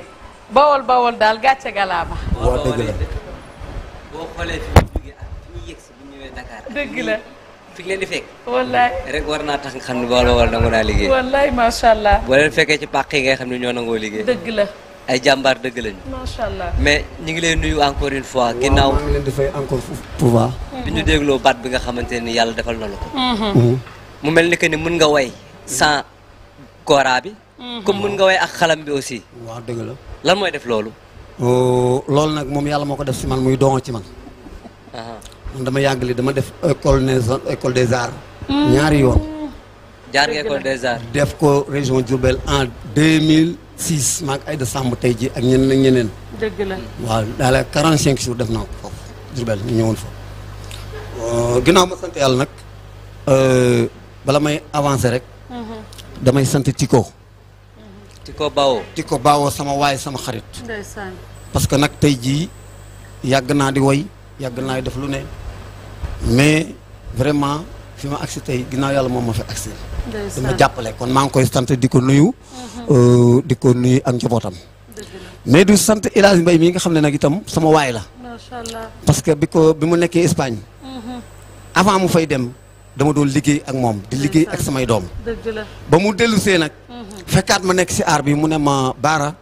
bawol bawol daal gàcce galaama. waaw dëgg la boo xoolee fi dëgg la fi leen di fekk. wallaay rek war naa tax nga xam ne bawol bawol nangu naa liggéey. wallaay macha allah. boo leen fekkee ci pàq yi xam ne ñoo nangoo liggéey. dëgg la. ay jàmbaar dëgg lañu. macha allah mais ñi ngi leen nuyu encore une fois. ginnaaw waaw maa ngi leen di fay bi ñu dégloo baat bi nga xamante ni yàlla defal na la ko. Mhm. Mhm. mu mel ni que ni mën nga way sans kora comme mën nga way ak xalam bi aussi. waaw dëgg la. lan mooy def loolu. Oh, loolu nag moom yàlla moo ko def si man muy doon ci man. man dama yàgg li dama def école des école des arts. Hmm. ñaari yoon. jaar nga école des arts. def ko région Diourbel en 2006 maag ay décembre tey ji ak ñeneen ak ñeneen. dëgg la waaw daal 45 jours def naa ko foofu Diourbel ñu ñëwoon fa. Oh, ginnaaw ma sant yàlla nag euh, bala may avancer rek. Mhm. damay sant di ko bawoo di ko bawoo sama waay sama xarit parce que nag tey jii yàgg naa di woy yàgg naa def lu ne mais vraiment fi ma agsi tey ginnaaw yàlla moom ma fi agsi dama jàppale kon maa ngi koy sant di ko nuyu euh, di ko nuyu ak njabootam mais du sant El mbay Mbaye mi nga xam ne nag itam sama waay la parce que bi ko bi mu nekkee Espagne mhm. avant mu fay dem dama doon liggéey ak moom di liggéey ak samay doom ba mu dellusee nag fekkaat ma nekk si aar bi mu ne ma baara.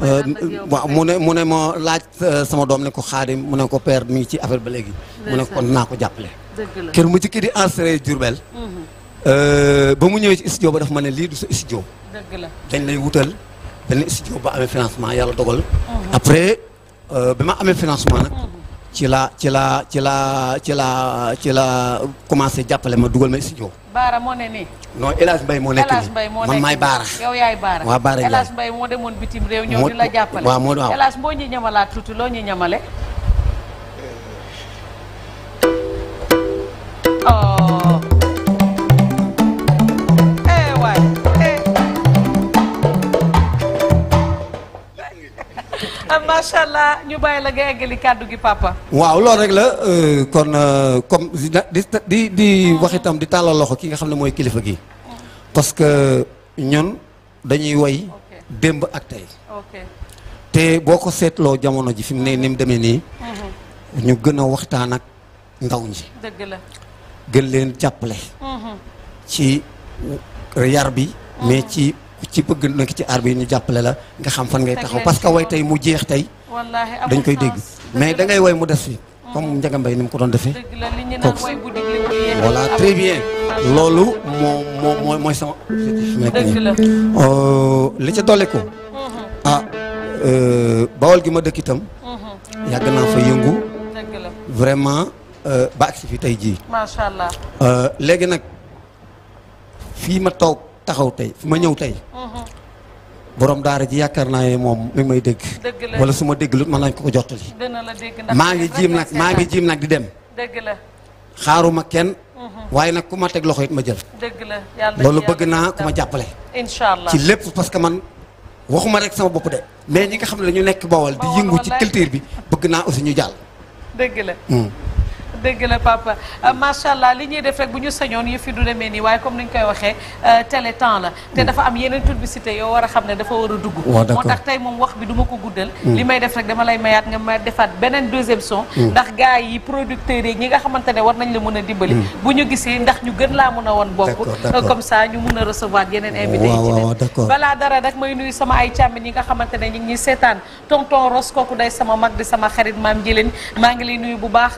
Euh, waaw mu ne mu ne ma laaj euh, sama doom ne ko xaadim mu ne ko père ci affaire ba léegi. mu ne ko kon naa ko jàppale. kër mu njëkk di enregistré Diourbel. Mhm. Euh, ba mu ñëwee ci studio ba daf ma ne lii du sa studio. dëgg dañ lay wutal benn studio ba amee financement yàlla dogal. Mhm. après ba ma amee financement nag. Mhm. ci la ci la ci la ci la ci la commencé jàppale ma dugal ma studio. Baara moo ne nii. non El Hadj moo nekk nii man maay Baara. yow yaay Baara waaw Baara El Hadj Mbaye moo bitim réew. ñëw di la jàppale waaw moo waaw El Hadj boo ñu tuuti loo ñu ñamale. Ah, macha allah kàddu papa. waaw loolu rek la euh, kon euh, comme di di wax itam di tàllal loxo ki nga xam ne mooy kilifa gi. parce que ñun dañuy woy démb ak tey. te boo ko seetloo jamono ji fi mu ne ni mu demee nii. Mhm. ñu gën a waxtaan ak ndaw ñi. gën leen jàppale. Mhm. ci yar bi mais mhm. ci. ci bëgg nekk ci aar bi ñu jàppale la nga xam fan ngay taxaw parce que way tey mu jeex tey dañ koy dégg mais da ngay way mu des si comme Ndiaga Mbaye ni mu ko doon defee kooku voilà très bien loolu moo moo mooy mooy sama euh, li ca dolli ko mhm. ah euh, bawol gi ma dëkk itam mhm. yàgg naa fa yëngu vraiment euh, ba agsi fi tey jii léegi nag fii ma toog taxaw tey ma ñëw tey borom daara ji yaakaar naa ne moom mi may dégg wala su ma dégg lu man nañ ko ko jottali maa ngi jiim nag maa ngi jiim nag di dem xaaruma kenn mhm. waaye nag ku ma teg loxo yit ma jël dëgg la loolu bëgg naa ku ma jàppale incha ci lépp parce que man waxuma rek sama bopp de mais ñi nga xam ne dañu nekk bawal di yëngu ci culture bi bëgg naa aussi ñu jàll dëgg la papa euh, macha allah li ñuy def rek bu ñu sañoon yëf yi du demee nii waaye comme ni koy waxee euh, télé la te dafa am yeneen publicité yoo war a xam ne dafa war a dugg moo tax tey moom wax bi du ma ko guddal hmm. li may def rek dama lay mayaat nga ma defaat beneen deuxième son hmm. ndax gars yi producteurs yi ñi nga xamante ne war nañ la mën a dimbali hmm. bu ñu gisee ndax ñu gën laa mën a woon bokk comme ça ñu mën a recevoir yeneen invité ne balaa dara rek may nuyu sama ay càmmin yi nga xamante ne ñi ngi bu baax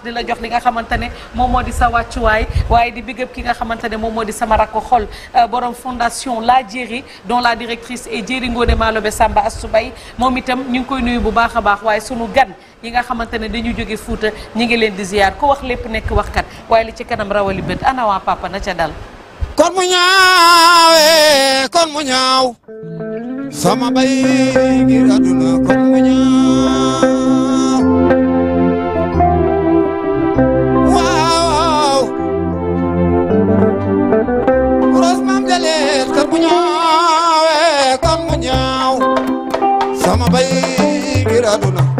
xamante ne moom moo di sa wàccuwaay waaye di big up ki nga xamante ne moom moo di sama rakk xol euh, borom fondation La Djeri dont la directrice est Djeri Ngone Malobe Samba Assoubay moom itam ñu ngi koy nuyu bu baax a baax waaye sunu gan yi nga xamante dañu jóge Fuuta ñi ngi leen di ziyaar wax lépp nekk waxkat waaye li ci kanam rawali bët ana waa na ca dal kon mu ñaaw kon mu ñaaw sama bay ngir àdduna kon mu ñaaw kat bu ñaawee kan mu ñaaw sama bay biir aduna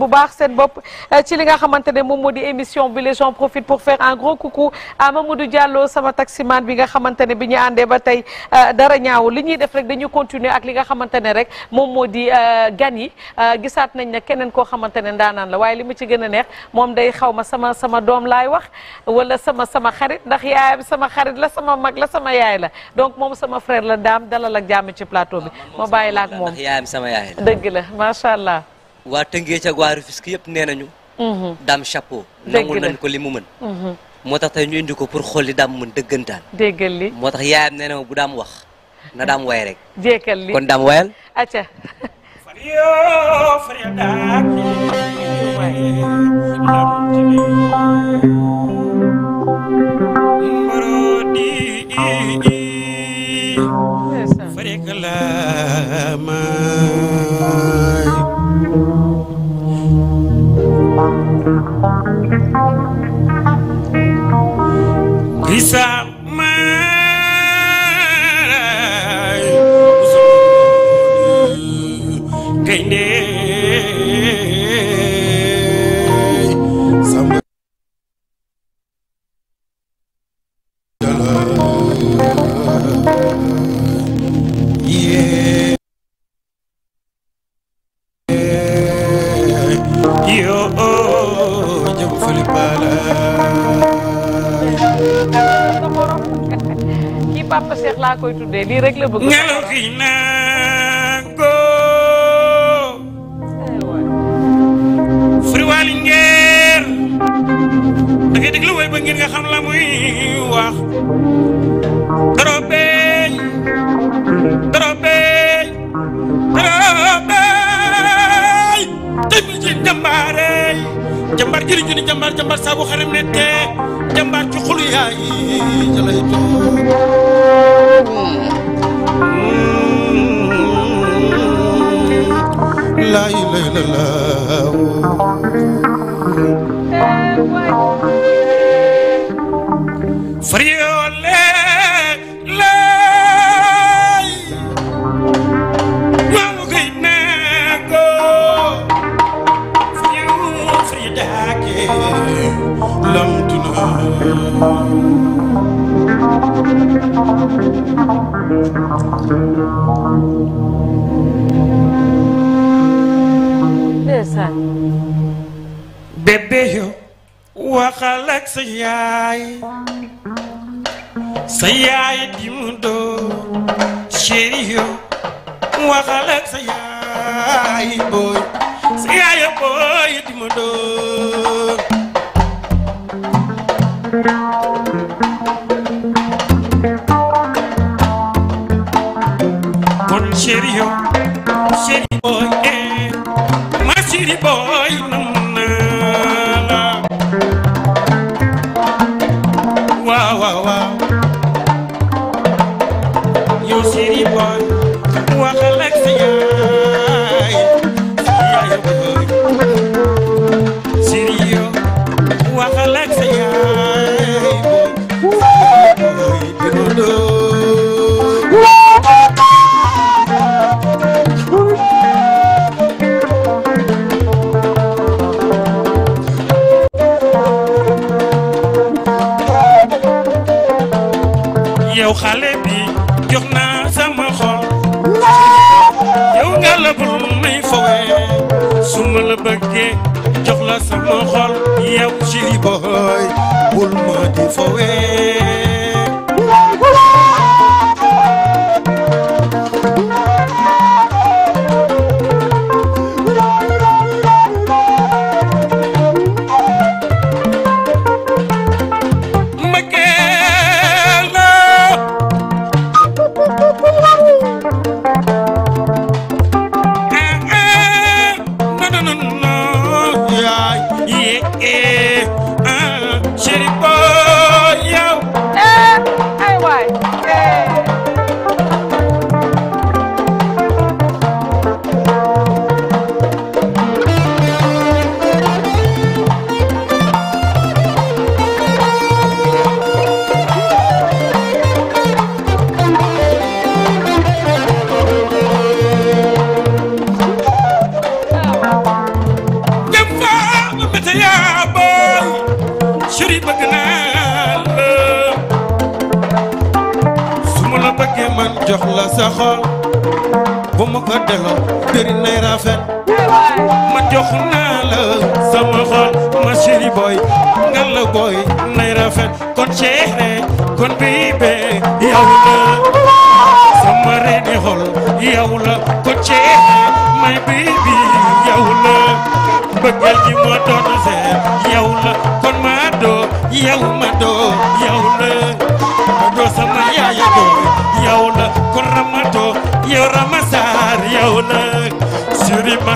bu baax seen bopp eh, ci li nga xamante ne moom moo di émission bi les gens profitent pour faire un gros coucou à Mamadou jàlloo sama taximan bi nga xamante ne bi ñu àndee ba tey eh, dara ñaaw li ñuy def rek dañu continuer ak li nga xamante ne rek moom moo di eh, gan yi gisaat nañ ne keneen koo xamante ne ndaanaan la waaye li ma ci gën a neex moom day xaw ma sama sama doom laay wax wala sama sama xarit ndax yaayam sama xarit la sama mag la sama yaay la donc moom sama frère la daam dalal ak jàmm ci plateau ma bàyyi la ak moom yaayam sama yaay la la macha allah waa Tëngéej ak waa Rufisque yëpp nee nañu. Mhm. Dame Chapeau. nangul nañ ko li mu mën. Mhm. moo tax tey ñu indi ko pour xool li daam mën dëggantaan. déggal li moo tax yaayam nee na bu daam wax na daam way kon daam wayal. acca. yeewu ci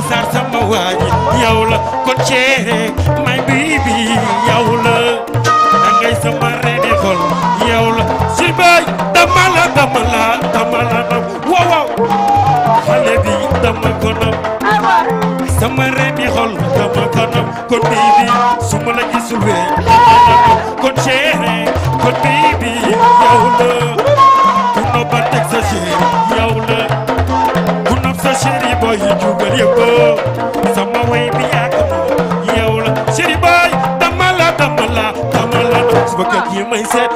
Sarr sama waa ji yow la kon ceere ñëpp yëg ko sama way bi yaa ko moom yow baay dama la dama la dama la su bëgg yi may seet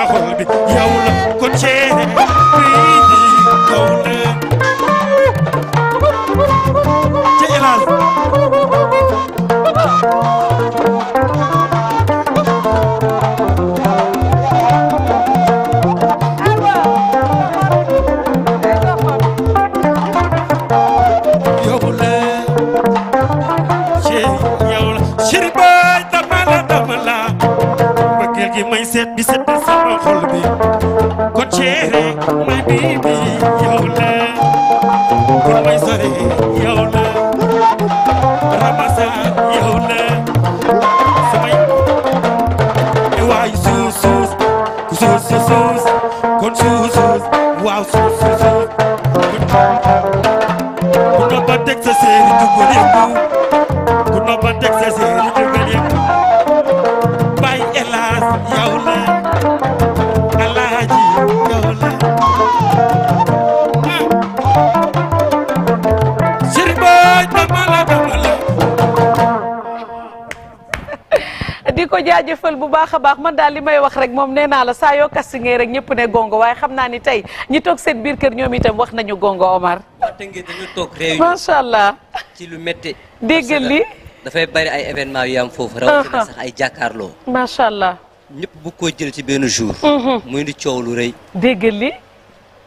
mahol bi yow la ko ceene bii kaw na ca elal may seet bi seet xol bi jaajëfal bu baax a baax man daal li may wax rek moom nee naa la saa yoo kastingee rek ñëpp ne gongo waaye xam naa ni tey ñi toog seen biir kër ñoom itam wax nañu gongo Omar. waaw tënkee dañu toog réunion macha allah. ci lu métti. dégg li dafay bari ay événement yu am foofu. rawatina uh-huh. sax ay jàkkaarloo. macha allah. ñëpp bu ko jël ci benn jour. Uh-huh. muy di coow lu rëy. dégg li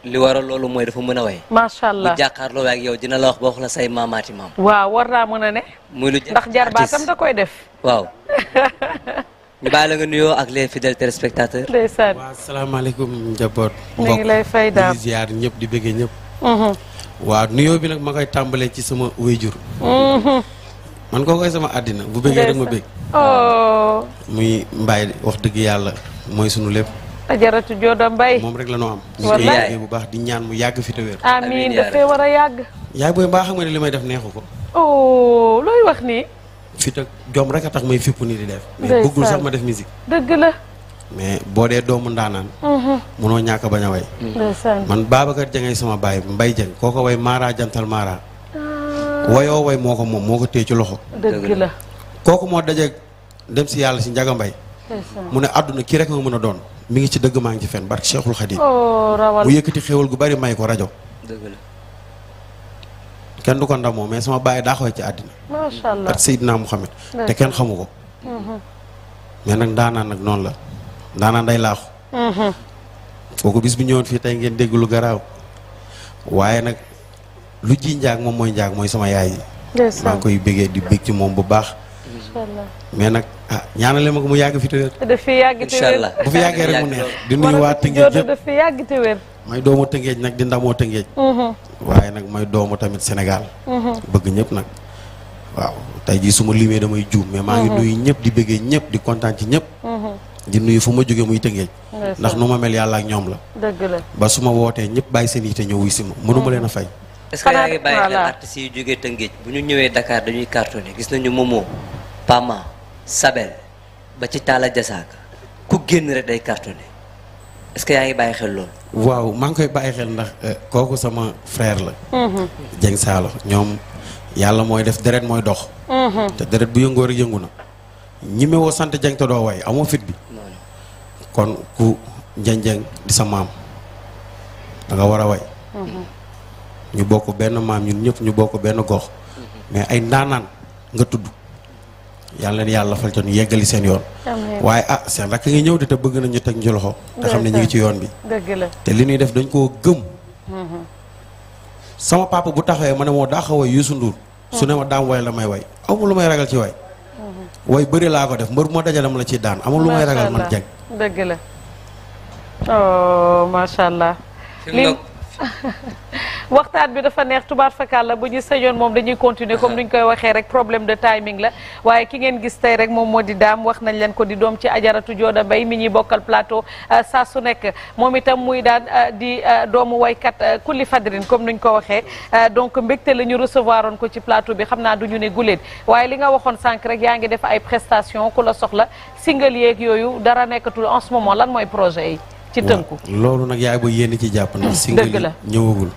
li waral loolu mooy dafa mën a way macha allah bu jàkkaarloo ak yow dina la wax ba wax la say maamaati maam. waaw war naa a ne. muy ndax jarbaatam da koy def. ñu bàyyi la nga nuyoo ak les fidèles téléspectateurs. ndeysaan waaw salaamaaleykum njaboot. mbokk mi ngi lay fay daal di ñëpp di bëggee ñëpp. Mhm. waaw nuyoo bi nag ma koy tàmbalee ci sama wéyjur. Mhm. man koo sama àddina bu bëggee rek ma bëgg. Oh. muy mbaay wax dëgg yàlla mooy sunu lépp. ajaratu jooda mbay moom rek la noo am ñu bu baax di ñaan mu yàgg fi te wér amiin dafay war a yàgg yaay booy mbaa xam nga ne li may def neexu ko oh, looy wax nii fit ak jom rek a tax may fipp ni di def. mais bëggul sax ma def musique. dëgg la. mais boo dee doomu ndaanaan. Mm-hmm. munoo ñàkk bañ a way. man Babacar Dieng sama baay Mbaye Dieng koo ko way Mara jantal Mara. Ah. wayoo way moo ko moom moo ko téye ci loxo. kooku moo dajeeg dem si yàlla si Ndiaga mbay mu ne àdduna kii rek nga mën a doon mi ngi ci dëgg maa ngi ci fen barke Cheikhul Khadim. Oh, mu yëkkati xéwal gu bari may ko rajo. kenn du ko ndamoo mais sama bàyyi daa xooy ci àddina. macha allah ak Seydina te kenn xamu ko. Mm-hmm. mais nag daanaan nag noonu la daanaan day laaxu. Mm-hmm. kooku bis bi ñëwoon fii tey ngeen dégg lu garaaw waaye nag lu ji njaag moom mooy njaag mooy sama yaay yi. maa ngi koy bëggee di bëgg ci moom bu baax. mais nag ah ñaanale ma mu yàgg fi te wér. bu fi yàggee rek mu neex. di nuyu waa Tëngéej yëpp daf fi yàgg wér. may doomu Tëngéej nag di ndamoo Tëngéej. Uh-huh. waaye nag may doomu tamit Sénégal. Uh-huh. bëgg ñëpp nag waaw tey jii suma ma limee damay juum mais maa ngi uh-huh. nuyu ñëpp di bëggee ñëpp di kontaan ci ñëpp. di nuyu fu ma jógee muy Tëngéej. ndax nu ma mel yàlla ak ñoom la. ba su ma wootee ñëpp bàyyi seen yitte ñëw wuy si ma mënu leen a fay. est ce que yaa ngi bàyyi xel artistes yi jógee Tëngéej bu ñu ñëwee Dakar dañuy cartonné gis nañu Momo Pama Sabel ba ci taala Jasaaka ku génn rek day cartonné. est-ce que yaa ngi bàyyi xel loolu. waaw maa ngi koy bàyyi xel ndax euh, kooku sama frère la. Dieng mhm. Saalo ñoom yàlla mooy def deret mooy dox. Mhm. te deret bu yëngoo rek yëngu na. ñimewoo sant Dieng te doo waay amoo fit bi. kon ku Dieng Dieng di sa maam da war a way. Mhm. ñu bokk benn maam ñun ñëpp ñu bokk benn gox. mais ay ndaanaan nga tudd. yàlla na yàlla fal ñu yeggali seen yoon waaye a ah, seen rakk nga ñëw de te bëgg nañu teg ñu loxo te xam ne ñu ngi ci yoon bi te li ñuy def dañ koo gëm mm-hmm. sama papa bu taxawee ma ne moo daaxa way Youssou Ndour su ne ma daam way la may way amul lu may ragal ci way mm-hmm. way bëri laa ko def mbër bu ma dajale ma la ciy daan amul lu may ragal man jeg dëgg la oh, waxtaan bi dafa neex tubaar fakal la bu ñu sañoon moom dañuy continuer comme ni ñu koy waxee rek problème de timing la waaye ki ngeen gis tey rek moom moo di daam wax nañ leen ko di doom ci ajaratu jooda mbay mi ñuy bokkal plateau euh, saa su nekk moom itam muy daan euh, di euh, doomu woykat ku kulli fadrin comme ni ñu ko waxee donc mbégte la ñu recevoir oon ko ci plateau bi xam naa du ñu ne guléet waaye li nga waxoon sànq rek yaa ngi def ay prestation ku la soxla single yeeg yooyu dara nekkatul en ce moment lan mooy projet yi ci tënku loolu nag yaay bu yéen ci jàpp ndax single ñëwagul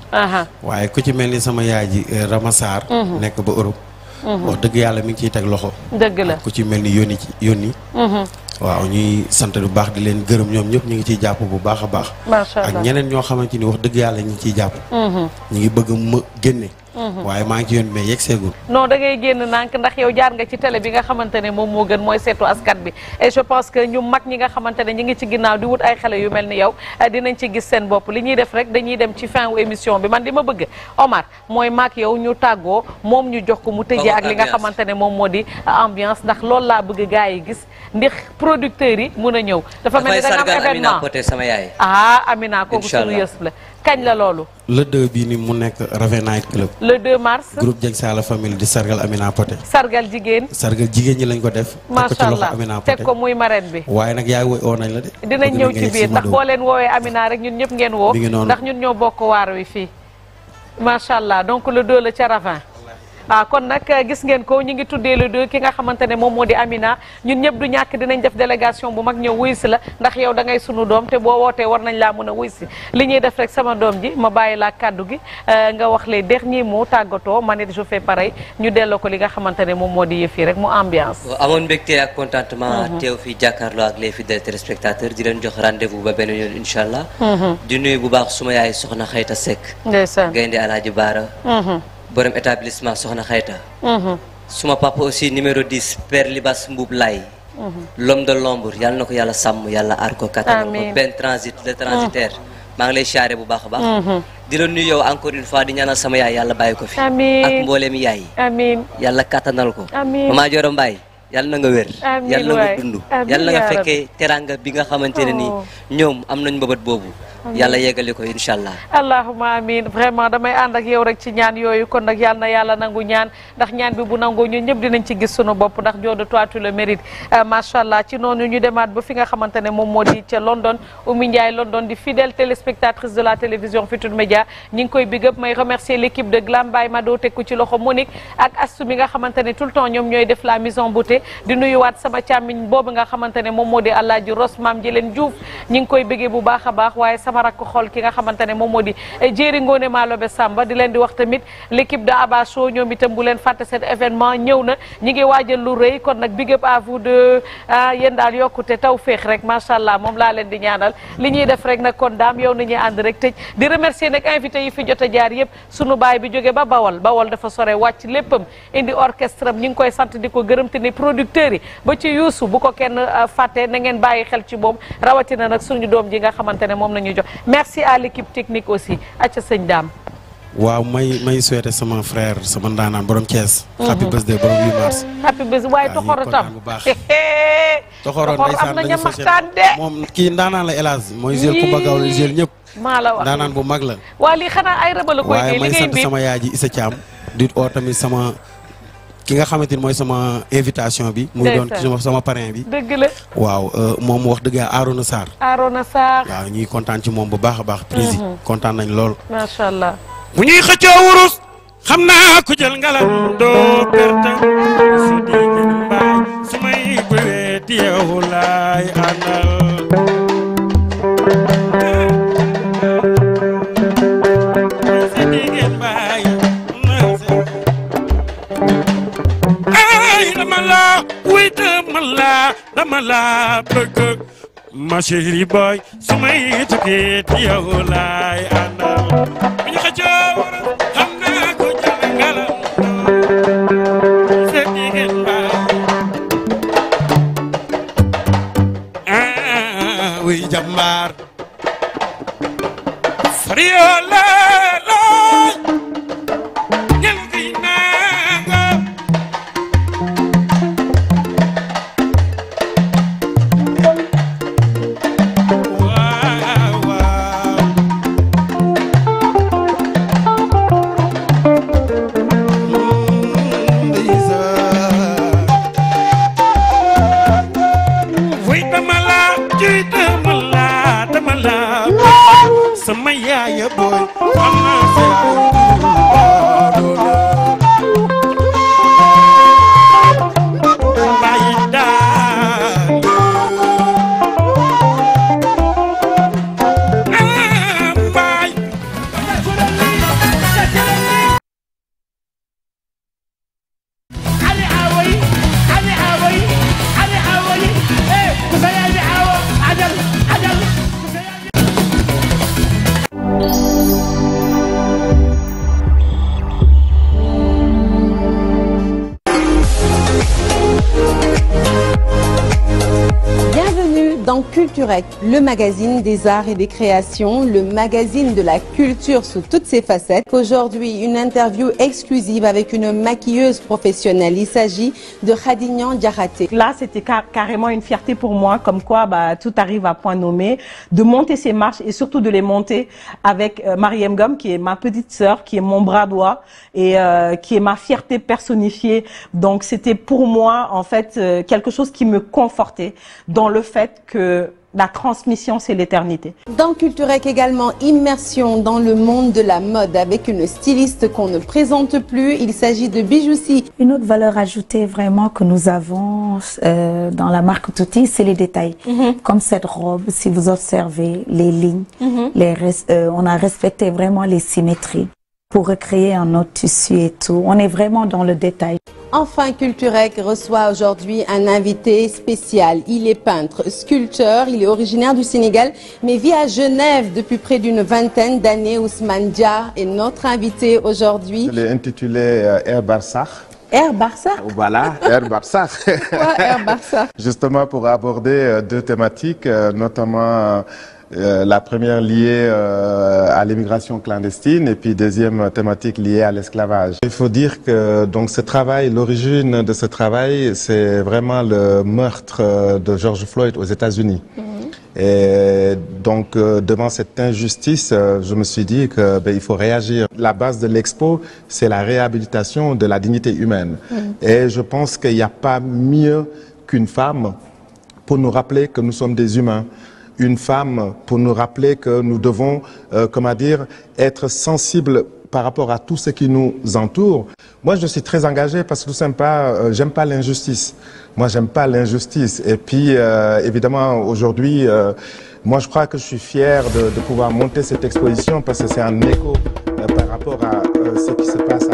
waaye ku ci mel ni sama yaay ji eh, Ramassar mhm. nekk ba Europe mhm. wax dëgg yàlla mi ngi ciy teg loxo dëgg la ku ci mel ni yónni ci yónni mhm. waaw ñuy sant bu baax di leen gërëm ñoom ñëpp ñu ngi ciy jàpp bu baax a baax. ak ñeneen ñoo xamante ni wax dëgg yàlla ñu ngi ciy jàpp. Mm-hmm. ñu ngi bëgg ma génne. Mm-hmm. waaye maa ngi ci yoon mais yegg seegul non da ngay génn nànk ndax yow jaar nga ci télé bi nga xamante ne moom moo gën mooy seetu askan bi et je pense que ñu mag ñi nga xamante ne ñi ngi ci ginnaaw di wut ay xale yu mel ni yow eh, dinañ ci gis seen bopp li ñuy def rek dañuy dem ci fin wu émission bi man di ma bëgg Omar mooy maak yow ñu tàggoo moom ñu jox ko mu tëjee ak li nga xamante ne moom moo di eh, ambiance ndax loolu laa bëgg gars yi gis producteurs yi mun a ñëw. dafa mel ni da nga am événement dafay sargal Amina Poté sama yaay. ah Amina kooku sunu yës la kañ la loolu. le 2 bii ni mu nekk Raven Night Club. le 2 mars. groupe Dieng Saala famille di sargal Amina Poté. sargal jigéen. sargal jigéen ñi lañ ko def. macha allah teg ko muy marraine bi. waaye nag yaay wooy oo nañ la de. dinañ ñëw ci biir ndax boo leen woowee Amina rek ñun ñëpp ngeen woo. ndax ñun ñoo bokk waar wi fii. macha allah donc le 2 la ca Raven ah kon nag eh, gis ngeen ko ñu ngi tuddee lu deux ki nga xamante ne moom moo di Amina ñun ñëpp du ñàkk dinañ def délégation bu mag ñëw wuy si la ndax yow da ngay sunu doom te boo wootee war nañ laa mën a wuy si li ñuy def rek sama doom ji ma bàyyi laa kàddu gi eh, nga wax les derniers moo tàggatoo man it je fais pareil ñu delloo ko li nga xamante ne moom moo di yëf rek mu ambiance. amoon mbégte ak contentement. Mhm. teew fi jàkkaarloo ak les fidèles téléspectateurs di leen jox rendez ba beneen yoon incha allah. Mhm. di nuyu baax suma yaay soxna Xayta Seck. ndeysaan gaynde Alaaji Baara. Mhm. borom établissement Soxna Xayta. Mhm. suma papa aussi numéro 10 père Libas Mbuub Lay. Mhm. l'homme de l'ombre yàlla na ko yàlla sàmm yàlla aar ko kattanal ko benn transit le transitaire. Mhm. maa ngi lay siyaare bu baax a baax. di la nuyu yow encore une fois di ñaanal sama yaay yàlla bàyyi ko fi. ak mboolem yaay. yàlla kattanal ko. amiin maman Dior Mbaye yal na nga wér yàlla na nga dund yàlla teranga bi nga xamante ne nii oh. ñoom am nañ mbëbët boobu yàlla yegali ko incha allah allahuma amin vraiment damay ànd ak yow rek ci ñaan yooyu kon nag yàlla na yàlla nangu ñaan ndax ñaan bi bu nangoo ñun ñëpp dinañ ci gis sunu bopp ndax joodu toi le mérite euh, macha ci noonu ñu demaat ba fi nga xamante ne moom moo di ca London Oumy Ndiaye London di fidèle téléspectatrice de la télévision Futurs Médias ñi ngi koy bigëp may remercier l'équipe de Glam Touré di nuyuwaat sama càmmiñ boobu nga xamante ne moom moo di maam Jëleen Diouf ñi koy bëggee bu baax a baax waaye sama rakk xol ki nga xamante ne moom moo di Jéeri Ngoone Malobe Samba di leen di wax l'équipe de Aba Show bu leen fàtte seen événement ñëw na ñi ngi waajal lu rëy kon nag big up à vous de ah, yéen daal yokkute taw féex rek macha allah moom laa leen di ñaanal li ñuy def rek nag kon daam yow nañuy ànd rek tëj di remercier nag invité yi fi jot a jaar yëpp producteurs yi ba ci Youssou bu ko kenn euh, fàtte na ngeen bàyyi xel ci boobu rawatina nag suñu doom ji nga xamante ne moom na ñuy jox merci à l'équipe technique aussi a acca sëñ daam waaw may may souhaité sama frère sama ndaanaan borom Thiès. Mhm. happy birthday borom 8 mars. happy birthday waaye toxoro tam bu baax. toxoro ndeysaan la ñu fas moom kii ndaanaan la hélas mooy jël ku bagaw la jël ñëpp. maa la wax ndaanaan mag la. waa lii xanaa ay rëbal la koy. liggéey bi waaye sama yaay ji Issa Thiam. di tamit sama. ki nga xamante ni mooy sama invitation bi. muy doon ci sama parrain bi. waaw euh, moom wax dëgg yàlla Arona Sarr. Arona Sarr waaw ñuy kontaan ci moom bu baax a baax. président mhm. kontaan nañ lool. macha allah. bu wurus. xam naa ku jël ngalam doo perte. su dee mbaay su may bëreet yow laay àndal. laa dama laa bëgg ma chérie boy su may tukkee ci yow laay àndal bu ñu xëccoo xam naa ko jël ngalam sa jigéen ba Culturec, le magazine des arts et des créations, le magazine de la culture sous toutes ses facettes. Aujourd'hui, une interview exclusive avec une maquilleuse professionnelle. Il s'agit de Khadignan Diarraté. Là, c'était carrément une fierté pour moi, comme quoi tout arrive à point nommé, de monter ces marches et surtout de les monter avec euh, Mariem Gom, qui est ma petite sœur, qui est mon bras droit et euh, qui est ma fierté personnifiée. Donc, c'était pour moi, euh, quelque la transmission, c'est l'éternité. Dans Culturec également, immersion dans le monde de la mode avec une styliste qu'on ne présente plus. Il s'agit de Bijoussi. Une autre valeur ajoutée vraiment que nous avons euh, dans la marque Tutti, c'est les détails. Mm -hmm. Comme cette robe, si vous observez les lignes, mm -hmm. on a respecté vraiment les symétries pour recréer un autre tissu et tout. On est vraiment dans le détail. Enfin Culturec reçoit aujourd'hui un invité spécial. Il est peintre, sculpteur, il est originaire du Sénégal, mais vit à Genève depuis près d'une vingtaine d'années. Ousmane Dia est notre invité aujourd'hui. Je l'ai intitulé euh, Air Barsakh. Air Barsakh Justement pour aborder euh, deux thématiques, euh, notamment Euh, la première liée euh, à l'immigration clandestine et puis deuxième thématique liée à l'esclavage. Il faut dire que donc ce travail, l'origine de ce travail, c'est vraiment le meurtre euh, de George Floyd aux États-Unis. Mm -hmm. Et donc euh, devant cette injustice, euh, je me suis dit que ben, il faut réagir. La base de l'expo, c'est la réhabilitation de la dignité humaine. Mm -hmm. Et je pense qu'il n'y a pas mieux qu'une femme pour nous rappeler que nous sommes des humains. une femme pour nous rappeler que nous devons, euh, comment dire, être sensibles par rapport à tout ce qui nous entoure. Moi, je suis très engagé parce que tout simplement, euh, j'aime pas l'injustice. Moi, j'aime pas l'injustice. Et puis, euh, évidemment, aujourd'hui, euh, moi, je crois que je suis fier de, de pouvoir monter cette exposition parce que c'est un écho euh, par rapport à euh, ce qui se passe